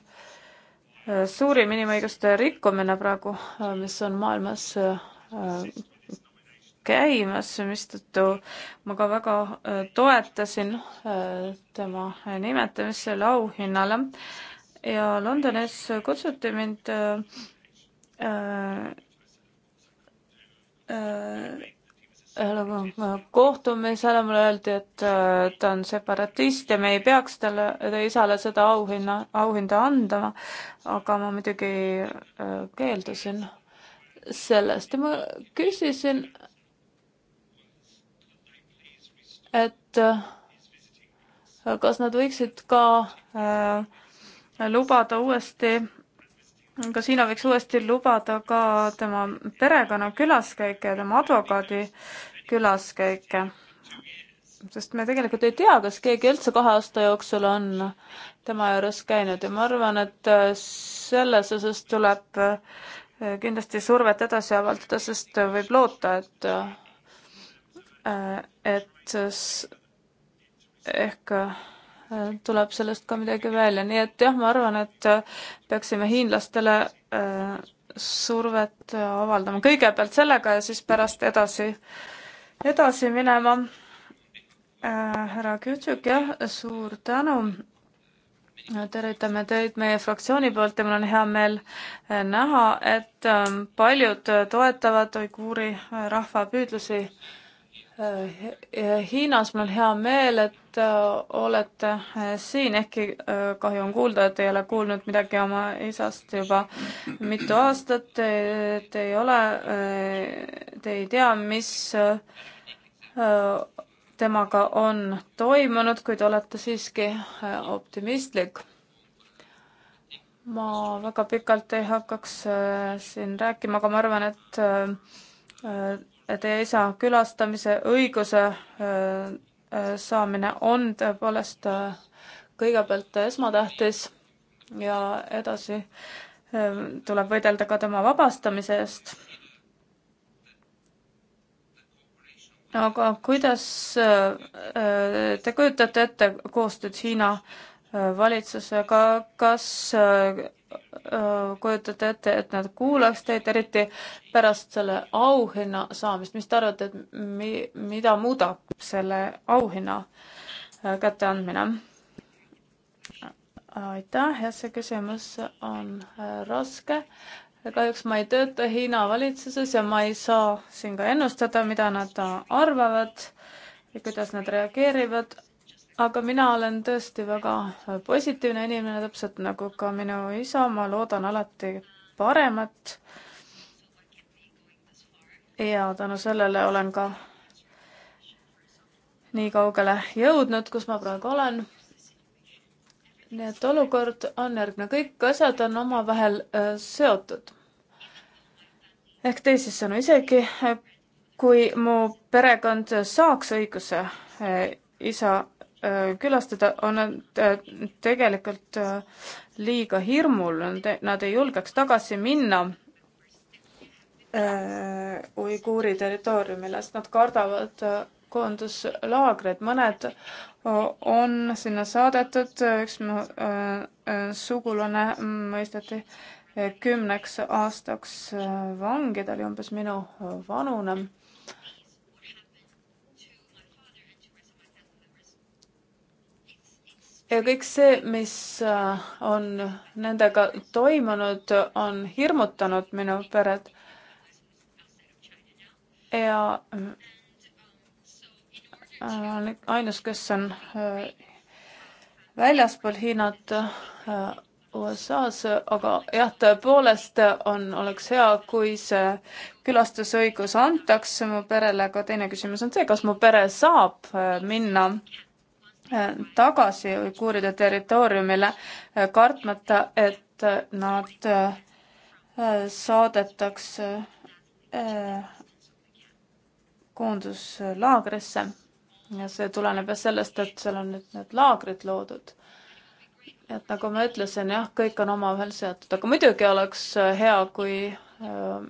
suurim inimõiguste rikkumine praegu, mis on maailmas äh, käimas, mistõttu ma ka väga äh, toetasin äh, tema nimetamist selle auhinnale ja Londonis kutsuti mind äh, äh, kohtumisele mulle öeldi, et äh, ta on separatist ja me ei peaks talle, ta isale seda auhinna, auhinda andma, aga ma muidugi äh, keeldusin sellest ja ma küsisin, et äh, kas nad võiksid ka lubada uuesti Kasiino võiks uuesti lubada ka tema perekonna külaskäike ja tema advokaadi külaskäike. sest me tegelikult ei tea, kas keegi üldse kahe aasta jooksul on tema juures käinud ja ma arvan, et äh, selles osas tuleb äh, kindlasti survet edasi avaldada, sest äh, võib loota, et, et ehk tuleb sellest ka midagi välja, nii et jah, ma arvan, et äh, peaksime hiinlastele äh, survet äh, avaldama kõigepealt sellega ja siis pärast edasi, edasi minema. härra Kütšuk, jah, suur tänu tervitame teid meie fraktsiooni poolt ja mul on hea meel näha, et paljud toetavad uiguuri rahva püüdlusi Äh, Hiinas mul on hea meel, et äh, olete äh, siin, ehkki kahju on kuulda, et ei ole kuulnud midagi oma isast juba mitu aastat. Te ei ole, te ei tea, mis temaga on toimunud, kuid olete siiski optimistlik ma väga pikalt ei hakkaks siin rääkima, aga ma arvan, et teie isa külastamise õiguse äh, äh, saamine on tõepoolest äh, kõigepealt esmatähtis ja edasi tuleb võidelda ka tema vabastamise eest. aga kuidas te kujutate ette koostööd Hiina valitsusega, kas kujutate ette, et nad kuulaks teid, eriti pärast selle auhinna saamist, mis te arvate, et mi-, mida muudab selle auhinna kätteandmine? aitäh, jah, see küsimus on raske. kahjuks ma ei tööta Hiina valitsuses ja ma ei saa siin ka ennustada, mida nad arvavad ja kuidas nad reageerivad, aga mina olen tõesti väga positiivne inimene, täpselt nagu ka minu isa, ma loodan alati paremat. ja tänu sellele olen ka nii kaugele jõudnud, kus ma praegu olen. nii et olukord on järgmine, kõik asjad on omavahel äh, seotud. ehk teisisõnu, isegi äh, kui mu perekond saaks õiguse äh, isa Äh, külastada, on nad äh, tegelikult äh, liiga hirmul, nad ei julgeks tagasi minna uiguuri territooriumile, sest nad kardavad koonduslaagreid, mõned on sinna saadetud, üks mu sugulane mõisteti kümneks aastaks vangi, ta oli umbes minu vanune ja kõik see, mis äh, on nendega toimunud, on hirmutanud minu peret. ja äh, olen ainus, kes on äh, väljaspool Hiinat USA-s, aga jah, tõepoolest on, oleks hea, kui see külastusõigus antakse mu perele, aga teine küsimus on see, kas mu pere saab minna tagasi uiguuride territooriumile, eh, kartmata, et eh, nad eh, saadetakse koonduslaagrisse ja see tuleneb jah sellest, et seal on nüüd need laagrid loodud. et nagu ma ütlesin, jah, kõik on omavahel seotud, aga muidugi oleks hea, kui Äh,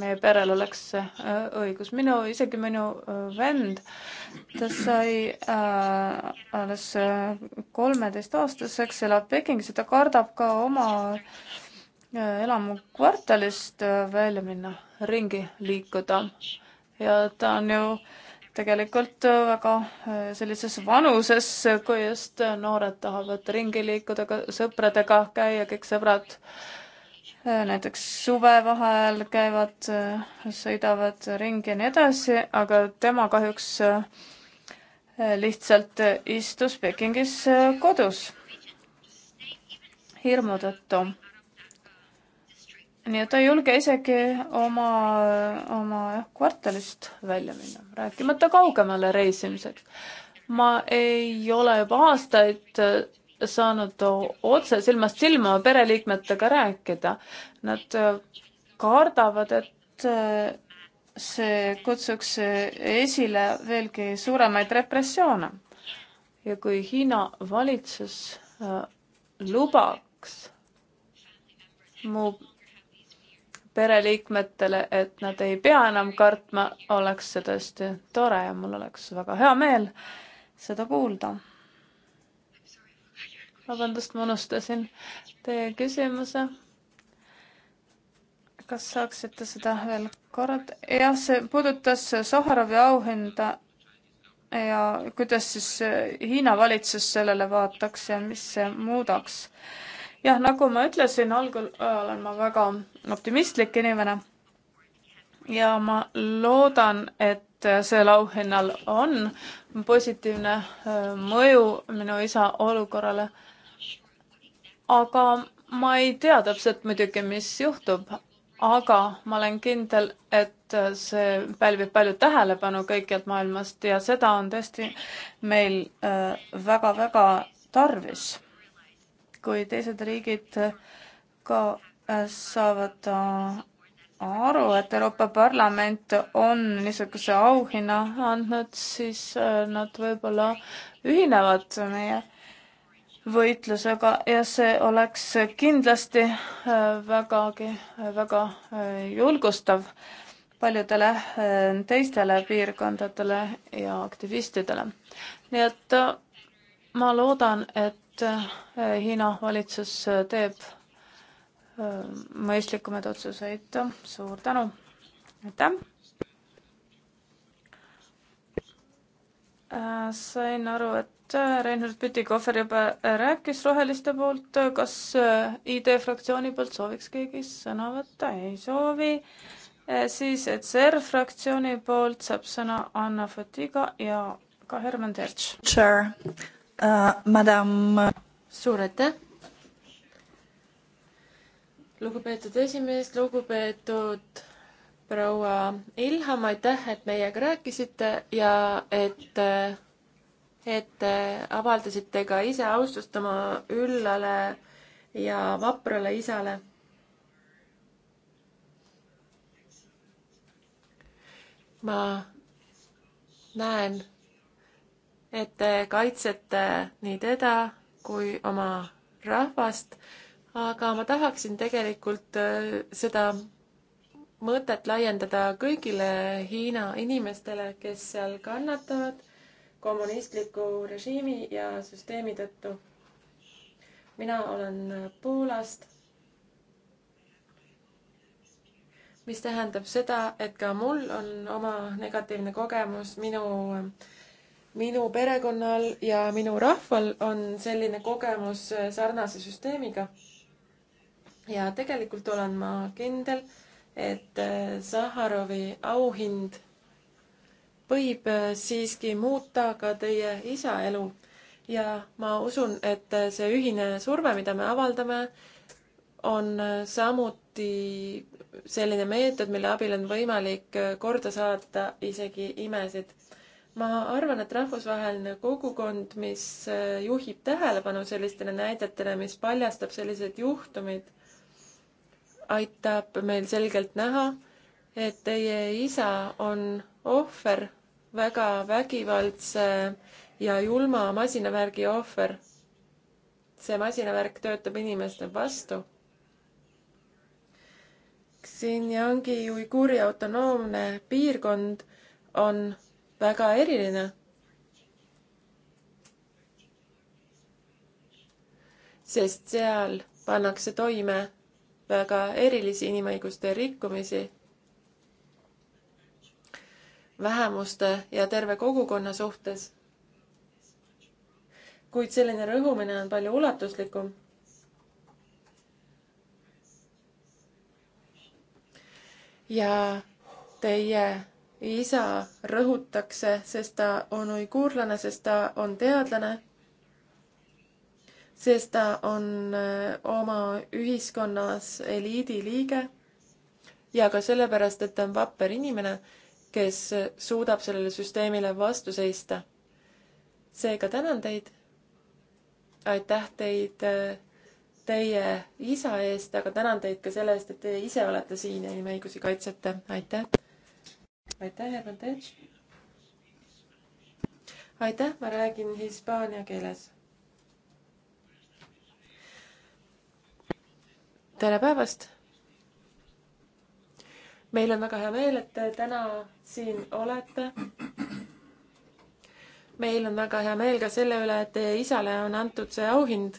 meie perel oleks äh, õigus. minu, isegi minu äh, vend, ta sai äh, alles kolmeteistaastaseks, elab Pekingis ja ta kardab ka oma elamukvartalist välja minna, ringi liikuda. ja ta on ju tegelikult väga sellises vanuses, kui just noored tahavad ringi liikuda, sõpradega käia, kõik sõbrad äh, Äh, näiteks suvevaheajal käivad, äh, sõidavad ringi ja nii edasi, aga tema kahjuks äh, lihtsalt istus Pekingis kodus hirmu tõttu. nii et ta ei julge isegi oma, oma kvartalist välja minna, rääkimata kaugemale reisimiseks. ma ei ole juba aastaid saanud otse silmast silma pereliikmetega rääkida. Nad äh, kardavad, et äh, see kutsuks esile veelgi suuremaid repressioone. ja kui Hiina valitsus äh, lubaks mu pereliikmetele, et nad ei pea enam kartma, oleks see tõesti tore ja mul oleks väga hea meel seda kuulda vabandust, ma unustasin teie küsimuse. kas saaksite seda veel korrata? jah, see puudutas Sahharovi auhinda ja kuidas siis eh, Hiina valitsus sellele vaataks ja mis see muudaks. jah, nagu ma ütlesin, algul olen ma väga optimistlik inimene ja ma loodan, et sellel auhinnal on positiivne eh, mõju minu isa olukorrale aga ma ei tea täpselt muidugi, mis juhtub, aga ma olen kindel, et see pälvib palju tähelepanu kõikjalt maailmast ja seda on tõesti meil väga-väga äh, tarvis. kui teised riigid äh, ka äh, saavad aru, et Euroopa Parlament on niisuguse auhinna andnud, siis nad võib-olla ühinevad meie võitlusega ja see oleks kindlasti äh, vägagi, äh, väga äh, julgustav paljudele teistele piirkondadele ja aktivistidele. nii et ma loodan, et Hiina valitsus teeb mõistlikumaid otsuseid. suur tänu. aitäh. sain aru, et Äh, Reinhold Pütikohver juba äh, rääkis roheliste poolt, äh, kas ID fraktsiooni poolt sooviks keegi sõna võtta? ei soovi. siis ECR fraktsiooni poolt saab sõna Anna Fotiga ja ka Herman Terts. Chair uh,, madam. suur aitäh. lugupeetud esimees, lugupeetud proua Ilham, aitäh, et meiega rääkisite ja et uh, et äh, avaldasite ka ise austust oma üllale ja vaprale isale. ma näen, et te kaitsete nii teda kui oma rahvast, aga ma tahaksin tegelikult äh, seda mõtet laiendada kõigile Hiina inimestele, kes seal kannatavad kommunistliku režiimi ja süsteemi tõttu. mina olen Poolast, mis tähendab seda, et ka mul on oma negatiivne kogemus, minu, minu perekonnal ja minu rahval on selline kogemus sarnase süsteemiga. ja tegelikult olen ma kindel, et Saharovi auhind võib äh, siiski muuta ka teie isa elu. ja ma usun, et äh, see ühine surve, mida me avaldame, on äh, samuti selline meetod, mille abil on võimalik korda saata isegi imesid. ma arvan, et rahvusvaheline kogukond, mis juhib tähelepanu sellistele näidetele, mis paljastab sellised juhtumid, aitab meil selgelt näha, et teie isa on ohver väga vägivaldse ja julma masinavärgi ohver. see masinavärk töötab inimeste vastu. Xinjiangi uiguuri autonoomne piirkond on väga eriline sest seal pannakse toime väga erilisi inimõiguste rikkumisi vähemuste ja terve kogukonna suhtes. kuid selline rõhumine on palju ulatuslikum. ja teie isa rõhutakse, sest ta on uiguurlane, sest ta on teadlane, sest ta on äh, oma ühiskonnas eliidi liige ja ka sellepärast, et ta on vapper inimene kes suudab sellele süsteemile vastu seista. seega tänan teid. aitäh teid äh, teie isa eest, aga tänan teid ka selle eest, et teie ise olete siin ja inimõigusi kaitsete. aitäh. aitäh, Herman Teets. aitäh, ma räägin hispaania keeles. tere päevast meil on väga hea meel, et te täna siin olete. meil on väga hea meel ka selle üle, et teie isale on antud see auhind.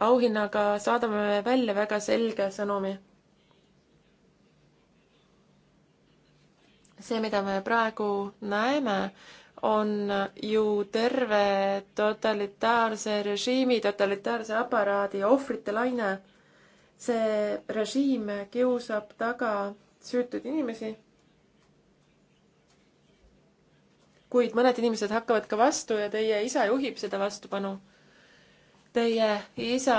auhinnaga saadame välja väga selge sõnumi. see, mida me praegu näeme, on ju terve totalitaarse režiimi, totalitaarse aparaadi ohvrite laine see režiim kiusab taga süütuid inimesi. kuid mõned inimesed hakkavad ka vastu ja teie isa juhib seda vastupanu. Teie isa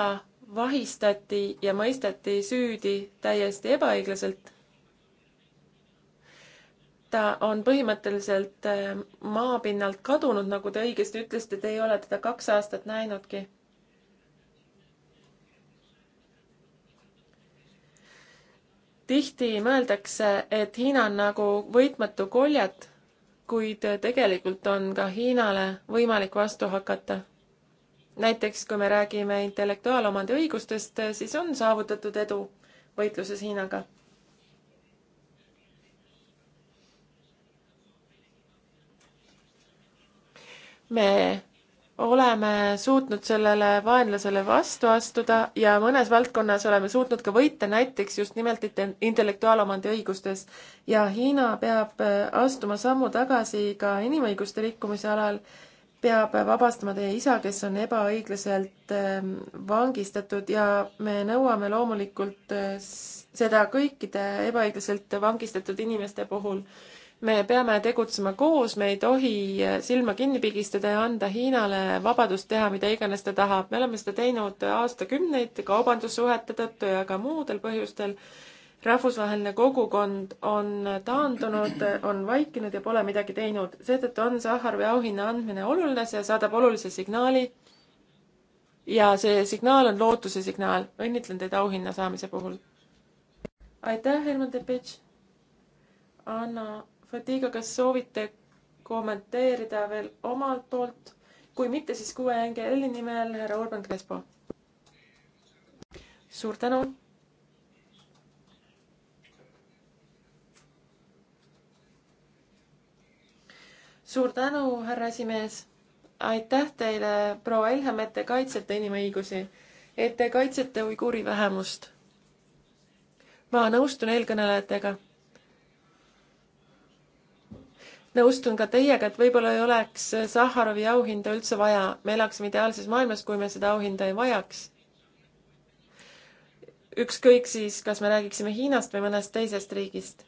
vahistati ja mõisteti süüdi täiesti ebaõiglaselt. ta on põhimõtteliselt äh, maapinnalt kadunud, nagu te õigesti ütlesite, te ei ole teda kaks aastat näinudki tihti mõeldakse, et Hiina on nagu võitmatu koljat, kuid tegelikult on ka Hiinale võimalik vastu hakata. näiteks kui me räägime intellektuaalomandi õigustest, siis on saavutatud edu võitluses Hiinaga me oleme suutnud sellele vaenlasele vastu astuda ja mõnes valdkonnas oleme suutnud ka võita, näiteks just nimelt intellektuaalomandi õigustes. ja Hiina peab äh, astuma sammu tagasi ka inimõiguste rikkumise alal, peab vabastama teie isa, kes on ebaõiglaselt ähm, vangistatud ja me nõuame loomulikult äh, seda kõikide ebaõiglaselt vangistatud inimeste puhul me peame tegutsema koos, me ei tohi silma kinni pigistada ja anda Hiinale vabadust teha, mida iganes ta tahab. me oleme seda teinud aastakümneid kaubandussuhete tõttu ja ka muudel põhjustel. rahvusvaheline kogukond on taandunud, on vaikinud ja pole midagi teinud. seetõttu on Sahharovi auhinna andmine oluline, see saadab olulise signaali. ja see signaal on lootuse signaal. õnnitlen teid auhinna saamise puhul. aitäh, Helmen Tepits! Anna Fatiga, kas soovite kommenteerida veel omalt poolt? kui mitte, siis kuue NGL-i nimel härra Urban Crespo. suur tänu. suur tänu, härra esimees. aitäh teile, proua Ilham, et te kaitsete inimõigusi, et te kaitsete uiguuri vähemust. ma nõustun eelkõnelejatega nõustun ka teiega, et võib-olla ei oleks Sahharovi auhinda üldse vaja, me elaksime ideaalses maailmas, kui me seda auhinda ei vajaks. ükskõik siis, kas me räägiksime Hiinast või mõnest teisest riigist.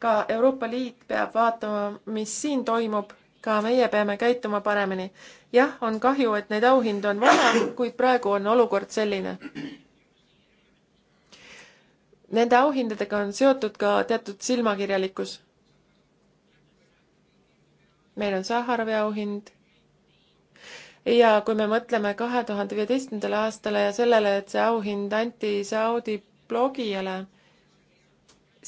ka Euroopa Liit peab vaatama, mis siin toimub, ka meie peame käituma paremini. jah, on kahju, et neid auhindu on vaja, kuid praegu on olukord selline nende auhindadega on seotud ka teatud silmakirjalikkus meil on Saharovi auhind ja kui me mõtleme kahe tuhande viieteistkümnendale aastale ja sellele, et see auhind anti Saudi blogijale,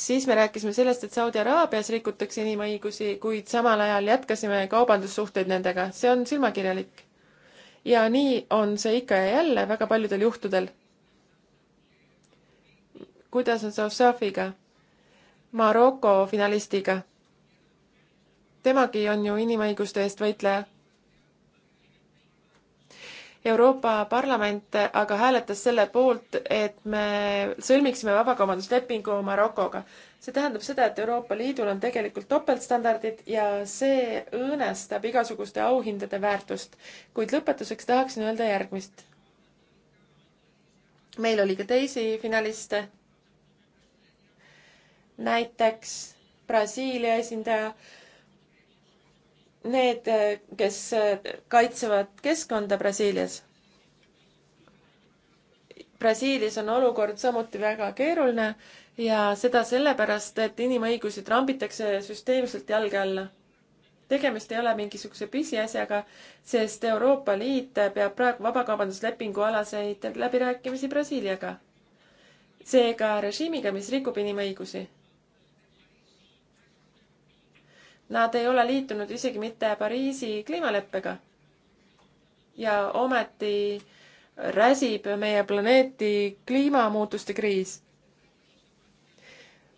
siis me rääkisime sellest, et Saudi Araabias rikutakse inimõigusi, kuid samal ajal jätkasime kaubandussuhteid nendega, see on silmakirjalik. ja nii on see ikka ja jälle väga paljudel juhtudel. kuidas on South Surfiga? Maroko finalistiga temagi on ju inimõiguste eest võitleja. Euroopa Parlament aga hääletas selle poolt, et me sõlmiksime vabakaubanduslepingu Marokoga. see tähendab seda, et Euroopa Liidul on tegelikult topeltstandardid ja see õõnestab igasuguste auhindade väärtust. kuid lõpetuseks tahaksin öelda järgmist. meil oli ka teisi finaliste. näiteks Brasiilia esindaja need, kes kaitsevad keskkonda Brasiilias. Brasiilias on olukord samuti väga keeruline ja seda sellepärast, et inimõigusi trambitakse süsteemselt jalge alla tegemist ei ole mingisuguse pisiasjaga, sest Euroopa Liit peab praegu vabakaubanduslepingu alaseid läbirääkimisi Brasiiliaga. seega režiimiga, mis rikub inimõigusi. Nad ei ole liitunud isegi mitte Pariisi kliimaleppega. ja ometi räsib meie planeeti kliimamuutuste kriis.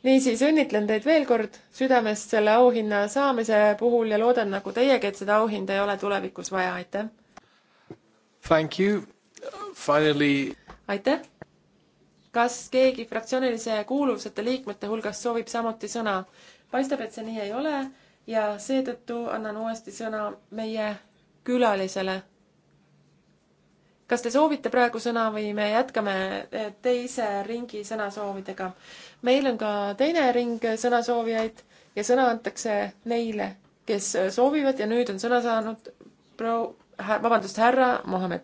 niisiis õnnitlen teid veel kord südamest selle auhinna saamise puhul ja loodan nagu teiegi, et seda auhinda ei ole tulevikus vaja, aitäh! Thank you, finally. aitäh! kas keegi fraktsioonilise kuuluvuseta liikmete hulgast soovib samuti sõna? paistab, et see nii ei ole ja seetõttu annan uuesti sõna meie külalisele. kas te soovite praegu sõna või me jätkame eh, teise ringi sõnasoovidega? meil on ka teine ring sõnasoovijaid ja sõna antakse neile, kes eh, soovivad ja nüüd on sõna saanud proua, vabandust, härra Mohammed.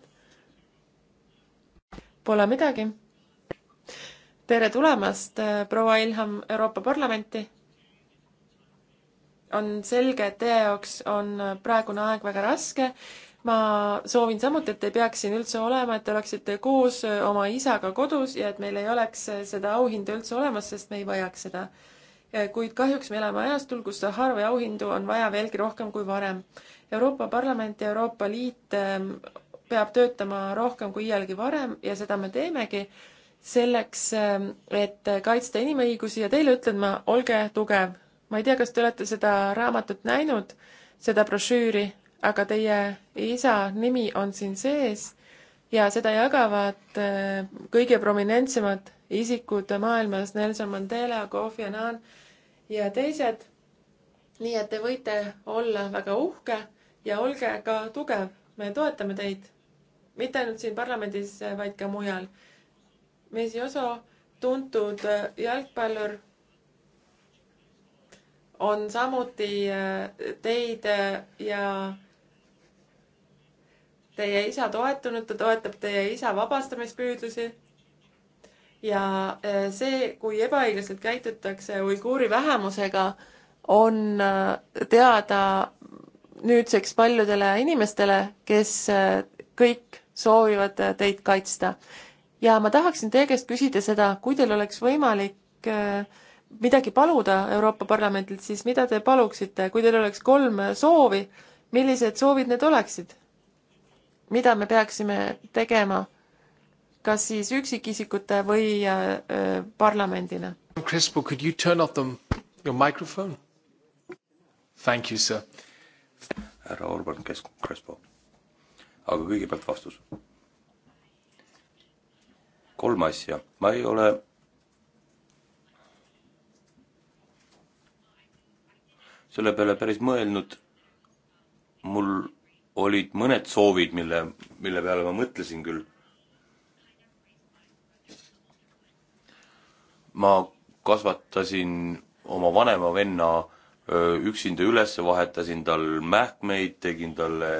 Pole midagi. tere tulemast, eh, proua Ilham, Euroopa Parlamenti on selge, et teie jaoks on praegune aeg väga raske. ma soovin samuti, et te ei peaks siin üldse olema, et te oleksite koos oma isaga kodus ja et meil ei oleks seda auhinda üldse olemas, sest me ei vajaks seda. kuid kahjuks me elame ajastul, kus Saharovi auhindu on vaja veelgi rohkem kui varem. Euroopa Parlament ja Euroopa Liit ehm, peab töötama rohkem kui iialgi varem ja seda me teemegi selleks, ehm, et kaitsta inimõigusi ja teile ütlen ma, olge tugev, ma ei tea, kas te olete seda raamatut näinud, seda brošüüri, aga teie isa nimi on siin sees ja seda jagavad äh, kõige prominentsemad isikud maailmas, Nelson Mandela, Kofi Annan ja teised. nii et te võite olla väga uhke ja olge ka tugev, me toetame teid. mitte ainult siin parlamendis, vaid ka mujal. Messi Oso, tuntud äh, jalgpallur on samuti äh, teid äh, ja teie isa toetanud, ta toetab teie isa vabastamispüüdlusi. ja äh, see, kui ebaõiglaselt käitutakse uiguuri vähemusega, on teada nüüdseks paljudele inimestele, kes kõik soovivad teid kaitsta. ja ma tahaksin teie käest küsida seda, kui teil oleks võimalik äh, midagi paluda Euroopa Parlamendilt, siis mida te paluksite, kui teil oleks kolm soovi, millised soovid need oleksid? mida me peaksime tegema, kas siis üksikisikute või äh, parlamendina? Crespo, could you turn off the, your microphone? Thank you, sir. härra Orban Kesk-, Crespo. aga kõigepealt vastus. kolm asja, ma ei ole selle peale päris mõelnud. mul olid mõned soovid, mille, mille peale ma mõtlesin küll. ma kasvatasin oma vanema venna üksinda üles, vahetasin tal mähkmeid, tegin talle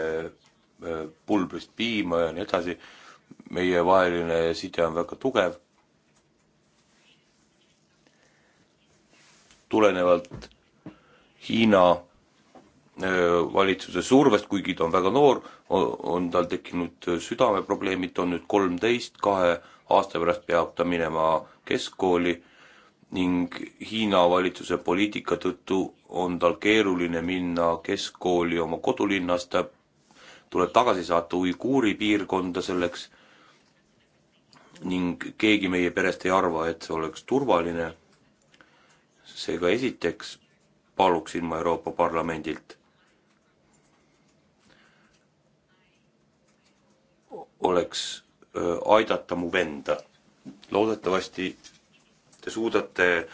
pulbrist piima ja nii edasi. meievaheline side on väga tugev. tulenevalt Hiina äh, valitsuse survest, kuigi ta on väga noor, on tal tekkinud äh, südameprobleemid, ta on nüüd kolmteist, kahe aasta pärast peab ta minema keskkooli ning Hiina valitsuse poliitika tõttu on tal keeruline minna keskkooli oma kodulinnas, ta tuleb tagasi saata uiguuri piirkonda selleks ning keegi meie perest ei arva, et see oleks turvaline. seega esiteks paluksin ma Euroopa Parlamendilt. oleks aidata mu venda. loodetavasti te suudate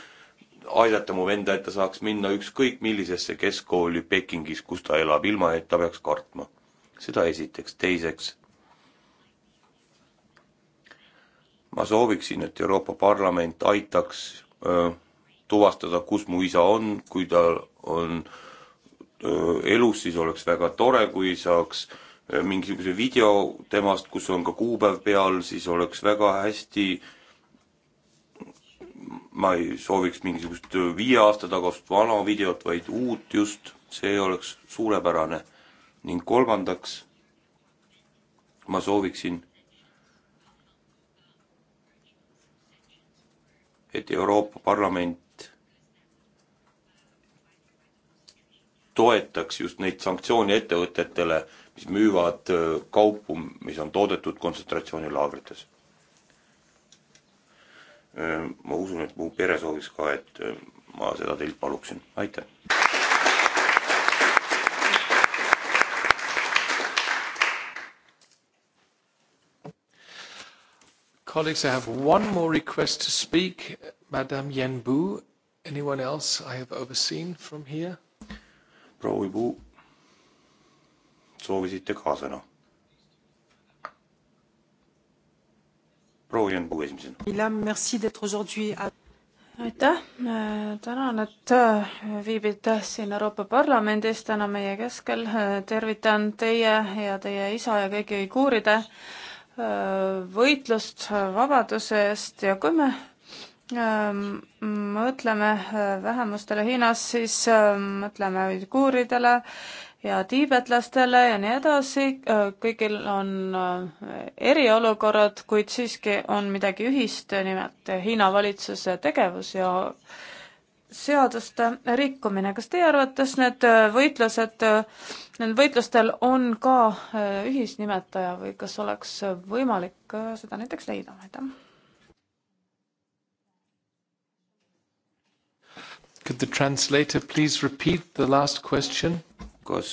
aidata mu venda, et ta saaks minna ükskõik millisesse keskkooli Pekingis, kus ta elab, ilma et ta peaks kartma. seda esiteks, teiseks ma sooviksin, et Euroopa Parlament aitaks öö, tuvastada, kus mu isa on, kui ta on elus, siis oleks väga tore, kui saaks mingisuguse video temast, kus on ka kuupäev peal, siis oleks väga hästi. ma ei sooviks mingisugust viie aasta tagust vana videot, vaid uut just, see oleks suurepärane. ning kolmandaks ma sooviksin, et Euroopa Parlament toetaks just neid sanktsioone ettevõtetele, mis müüvad äh, kaupu, mis on toodetud kontsentratsioonilaagrites. Äh, ma usun, et mu pere sooviks ka, et äh, ma seda teilt paluksin, aitäh. Colleagues, I have one more request to speak, Madame Yen Bu. Anyone else I have overseen from here? proua Uibu, soovisite ka sõna? proua Jõnpuu esimesena. aitäh, äh, tänan, et äh, viibite siin Euroopa Parlamendis täna meie keskel. Äh, tervitan teie ja teie isa ja kõigi uiguuride võitlust vabaduse eest ja kui me Ähm, mõtleme äh, vähemustele Hiinas, siis ähm, mõtleme uiguuridele ja tiibetlastele ja nii edasi, äh, kõigil on äh, eriolukorrad, kuid siiski on midagi ühist, nimelt Hiina valitsuse tegevus ja seaduste rikkumine. kas teie arvates need võitlused, nendel võitlustel on ka ühisnimetaja või kas oleks võimalik seda näiteks leida? aitäh! Could the translator please repeat the last question? kas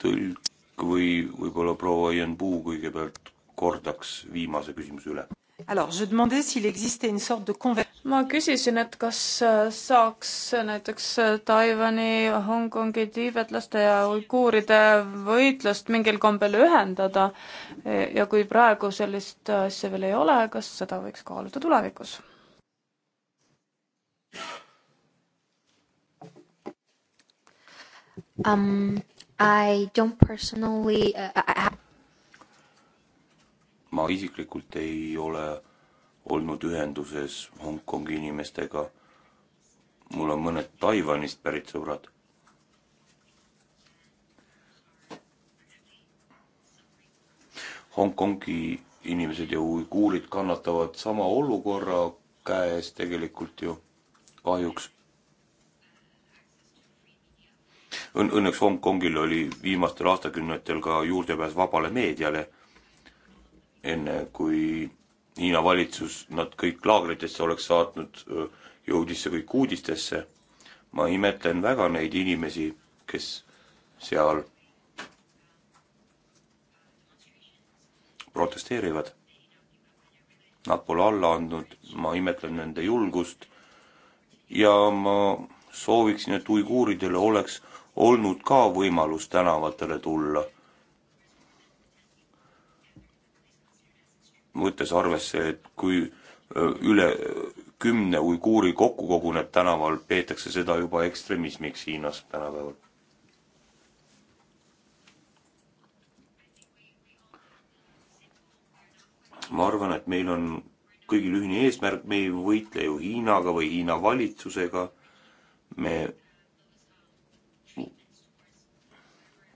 tõlk või võib-olla proua Janbuu kõigepealt kordaks viimase küsimuse üle? Alors, je demandais s'il existait une sorte de conver-. ma küsisin, et kas äh, saaks näiteks äh, Taiwan'i, Hongkongi, tiibetlaste ja uiguuride võitlust mingil kombel ühendada e, ja kui praegu sellist äh, asja veel ei ole, kas seda võiks kaaluda tulevikus? Um, I don't personally uh, I have... ma isiklikult ei ole olnud ühenduses Hongkongi inimestega. mul on mõned Taiwanist pärit sõbrad. Hongkongi inimesed ja uiguurid kannatavad sama olukorra käes tegelikult ju kahjuks Õn-, õnneks Hongkongil oli viimastel aastakümnetel ka juurdepääs vabale meediale, enne kui Hiina valitsus nad kõik laagritesse oleks saatnud, jõudis see kõik uudistesse. ma imetlen väga neid inimesi, kes seal protesteerivad. Nad pole alla andnud, ma imetlen nende julgust ja ma sooviksin, et uiguuridele oleks olnud ka võimalus tänavatele tulla. võttes arvesse, et kui üle kümne uiguuri kokku koguneb tänaval, peetakse seda juba ekstremismiks Hiinas tänapäeval. ma arvan, et meil on kõigil ühine eesmärk, me ei võitle ju Hiinaga või Hiina valitsusega, me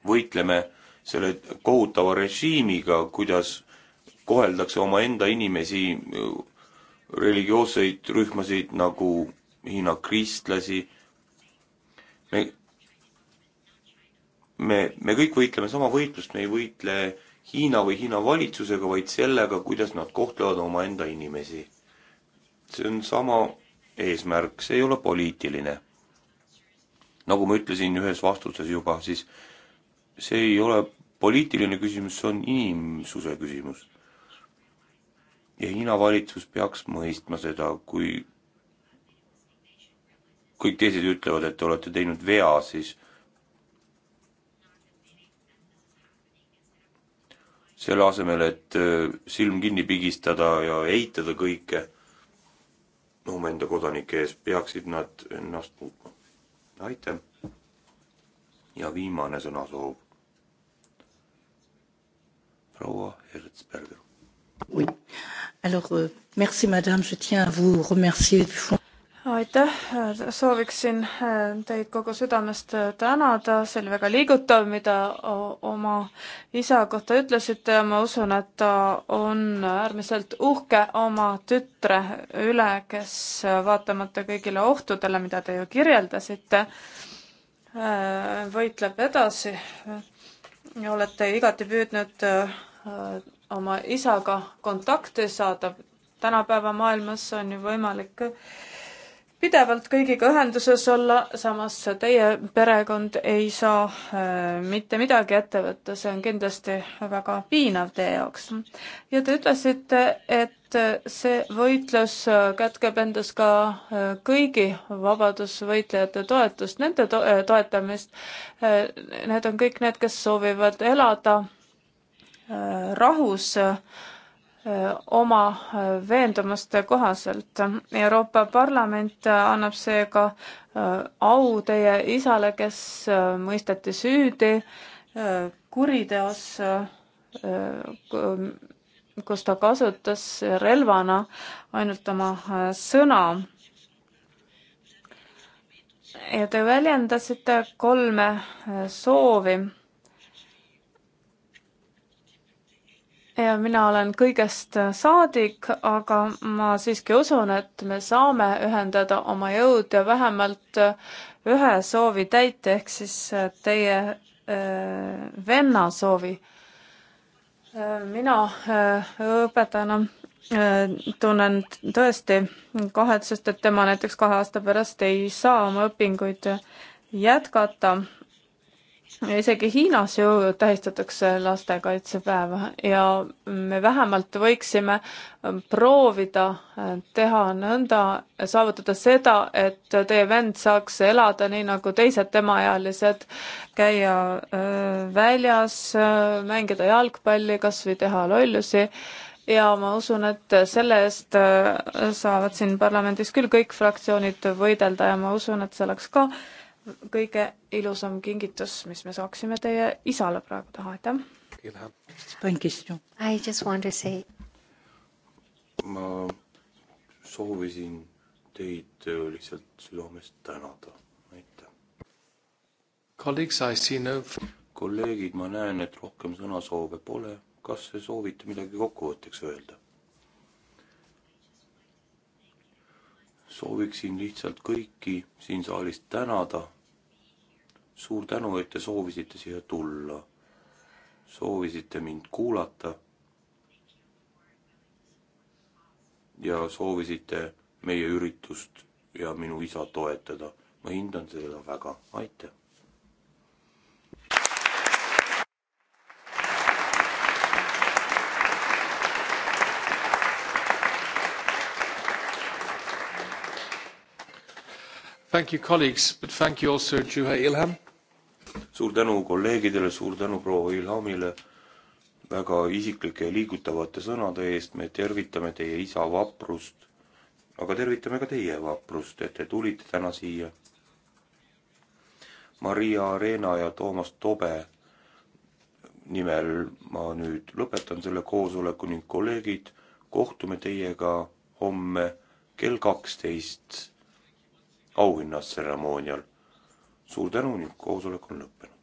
võitleme selle kohutava režiimiga, kuidas koheldakse omaenda inimesi, religioosseid rühmasid nagu Hiina kristlasi, me, me, me kõik võitleme sama võitlust, me ei võitle Hiina või Hiina valitsusega, vaid sellega, kuidas nad kohtlevad omaenda inimesi. see on sama eesmärk, see ei ole poliitiline. nagu ma ütlesin ühes vastuses juba, siis äh, see ei ole poliitiline küsimus, see on inimsuse küsimus. ja Hiina valitsus peaks mõistma seda, kui kõik teised ütlevad, et te olete teinud vea, siis selle asemel, et äh, silm kinni pigistada ja eitada kõike omaenda kodanike ees, peaksid nad ennast muutma. aitäh! ja viimane sõnasoov proua Herzberger. Oui. Alors, euh, merci madame, je tiens à vous remercier du fond. aitäh, sooviksin äh, teid kogu südamest äh, tänada, see oli väga liigutav, mida oma isa kohta ütlesite ja ma usun, et ta on äärmiselt uhke oma tütre üle, kes äh, vaatamata kõigile ohtudele, mida te ju kirjeldasite, võitleb edasi olete igati püüdnud äh, oma isaga kontakte saada. tänapäeva maailmas on ju võimalik pidevalt kõigiga ühenduses olla, samas teie perekond ei saa äh, mitte midagi ette võtta, see on kindlasti väga piinav teie jaoks. ja te ütlesite, et see võitlus äh, kätkeb endas ka äh, kõigi vabadusvõitlejate toetust, nende to äh, toetamist. Äh, need on kõik need, kes soovivad elada äh, rahus äh, oma veendumuste kohaselt. Euroopa Parlament annab seega äh, au teie isale, kes äh, mõisteti süüdi äh, kuriteos, kus ta kasutas relvana ainult oma sõna. ja te väljendasite kolme soovi ja mina olen kõigest äh, saadik, aga ma siiski usun, et me saame ühendada oma jõud ja vähemalt äh, ühe soovi täita, ehk siis äh, teie äh, venna soovi äh,. mina äh, õpetajana tunnen tõesti kahetsust, et tema näiteks kahe aasta pärast ei saa oma õpinguid jätkata isegi Hiinas ju tähistatakse lastekaitsepäeva ja me vähemalt võiksime proovida äh, teha nõnda, saavutada seda, et teie vend saaks elada nii nagu teised temaealised, käia äh, väljas, äh, mängida jalgpalli, kas või teha lollusi ja ma usun, et selle eest saavad siin parlamendis küll kõik fraktsioonid võidelda ja ma usun, et see oleks ka äh, kõige ilusam kingitus, mis me saaksime teie isale praegu teha, aitäh. I just want to say. ma soovisin teid lihtsalt südamest tänada, aitäh. Colleagues I see no. kolleegid, ma näen, et rohkem sõnasoove pole. kas te soovite midagi kokkuvõtteks öelda? sooviksin lihtsalt kõiki siin saalis tänada suur tänu, et te soovisite siia tulla. soovisite mind kuulata. ja soovisite meie üritust ja minu isa toetada. ma hindan seda väga, aitäh. Thank you, colleagues, but thank you also, Juha Ilham suur tänu kolleegidele, suur tänu proua Ilhamile väga isiklike ja liigutavate sõnade eest, me tervitame teie isa vaprust, aga tervitame ka teie vaprust, et te tulite täna siia. Maria Arena ja Toomas Tobe nimel ma nüüd lõpetan selle koosoleku ning kolleegid, kohtume teiega homme kell kaksteist auhinnatseremoonial suur tänu ning koosolek on lõppenud.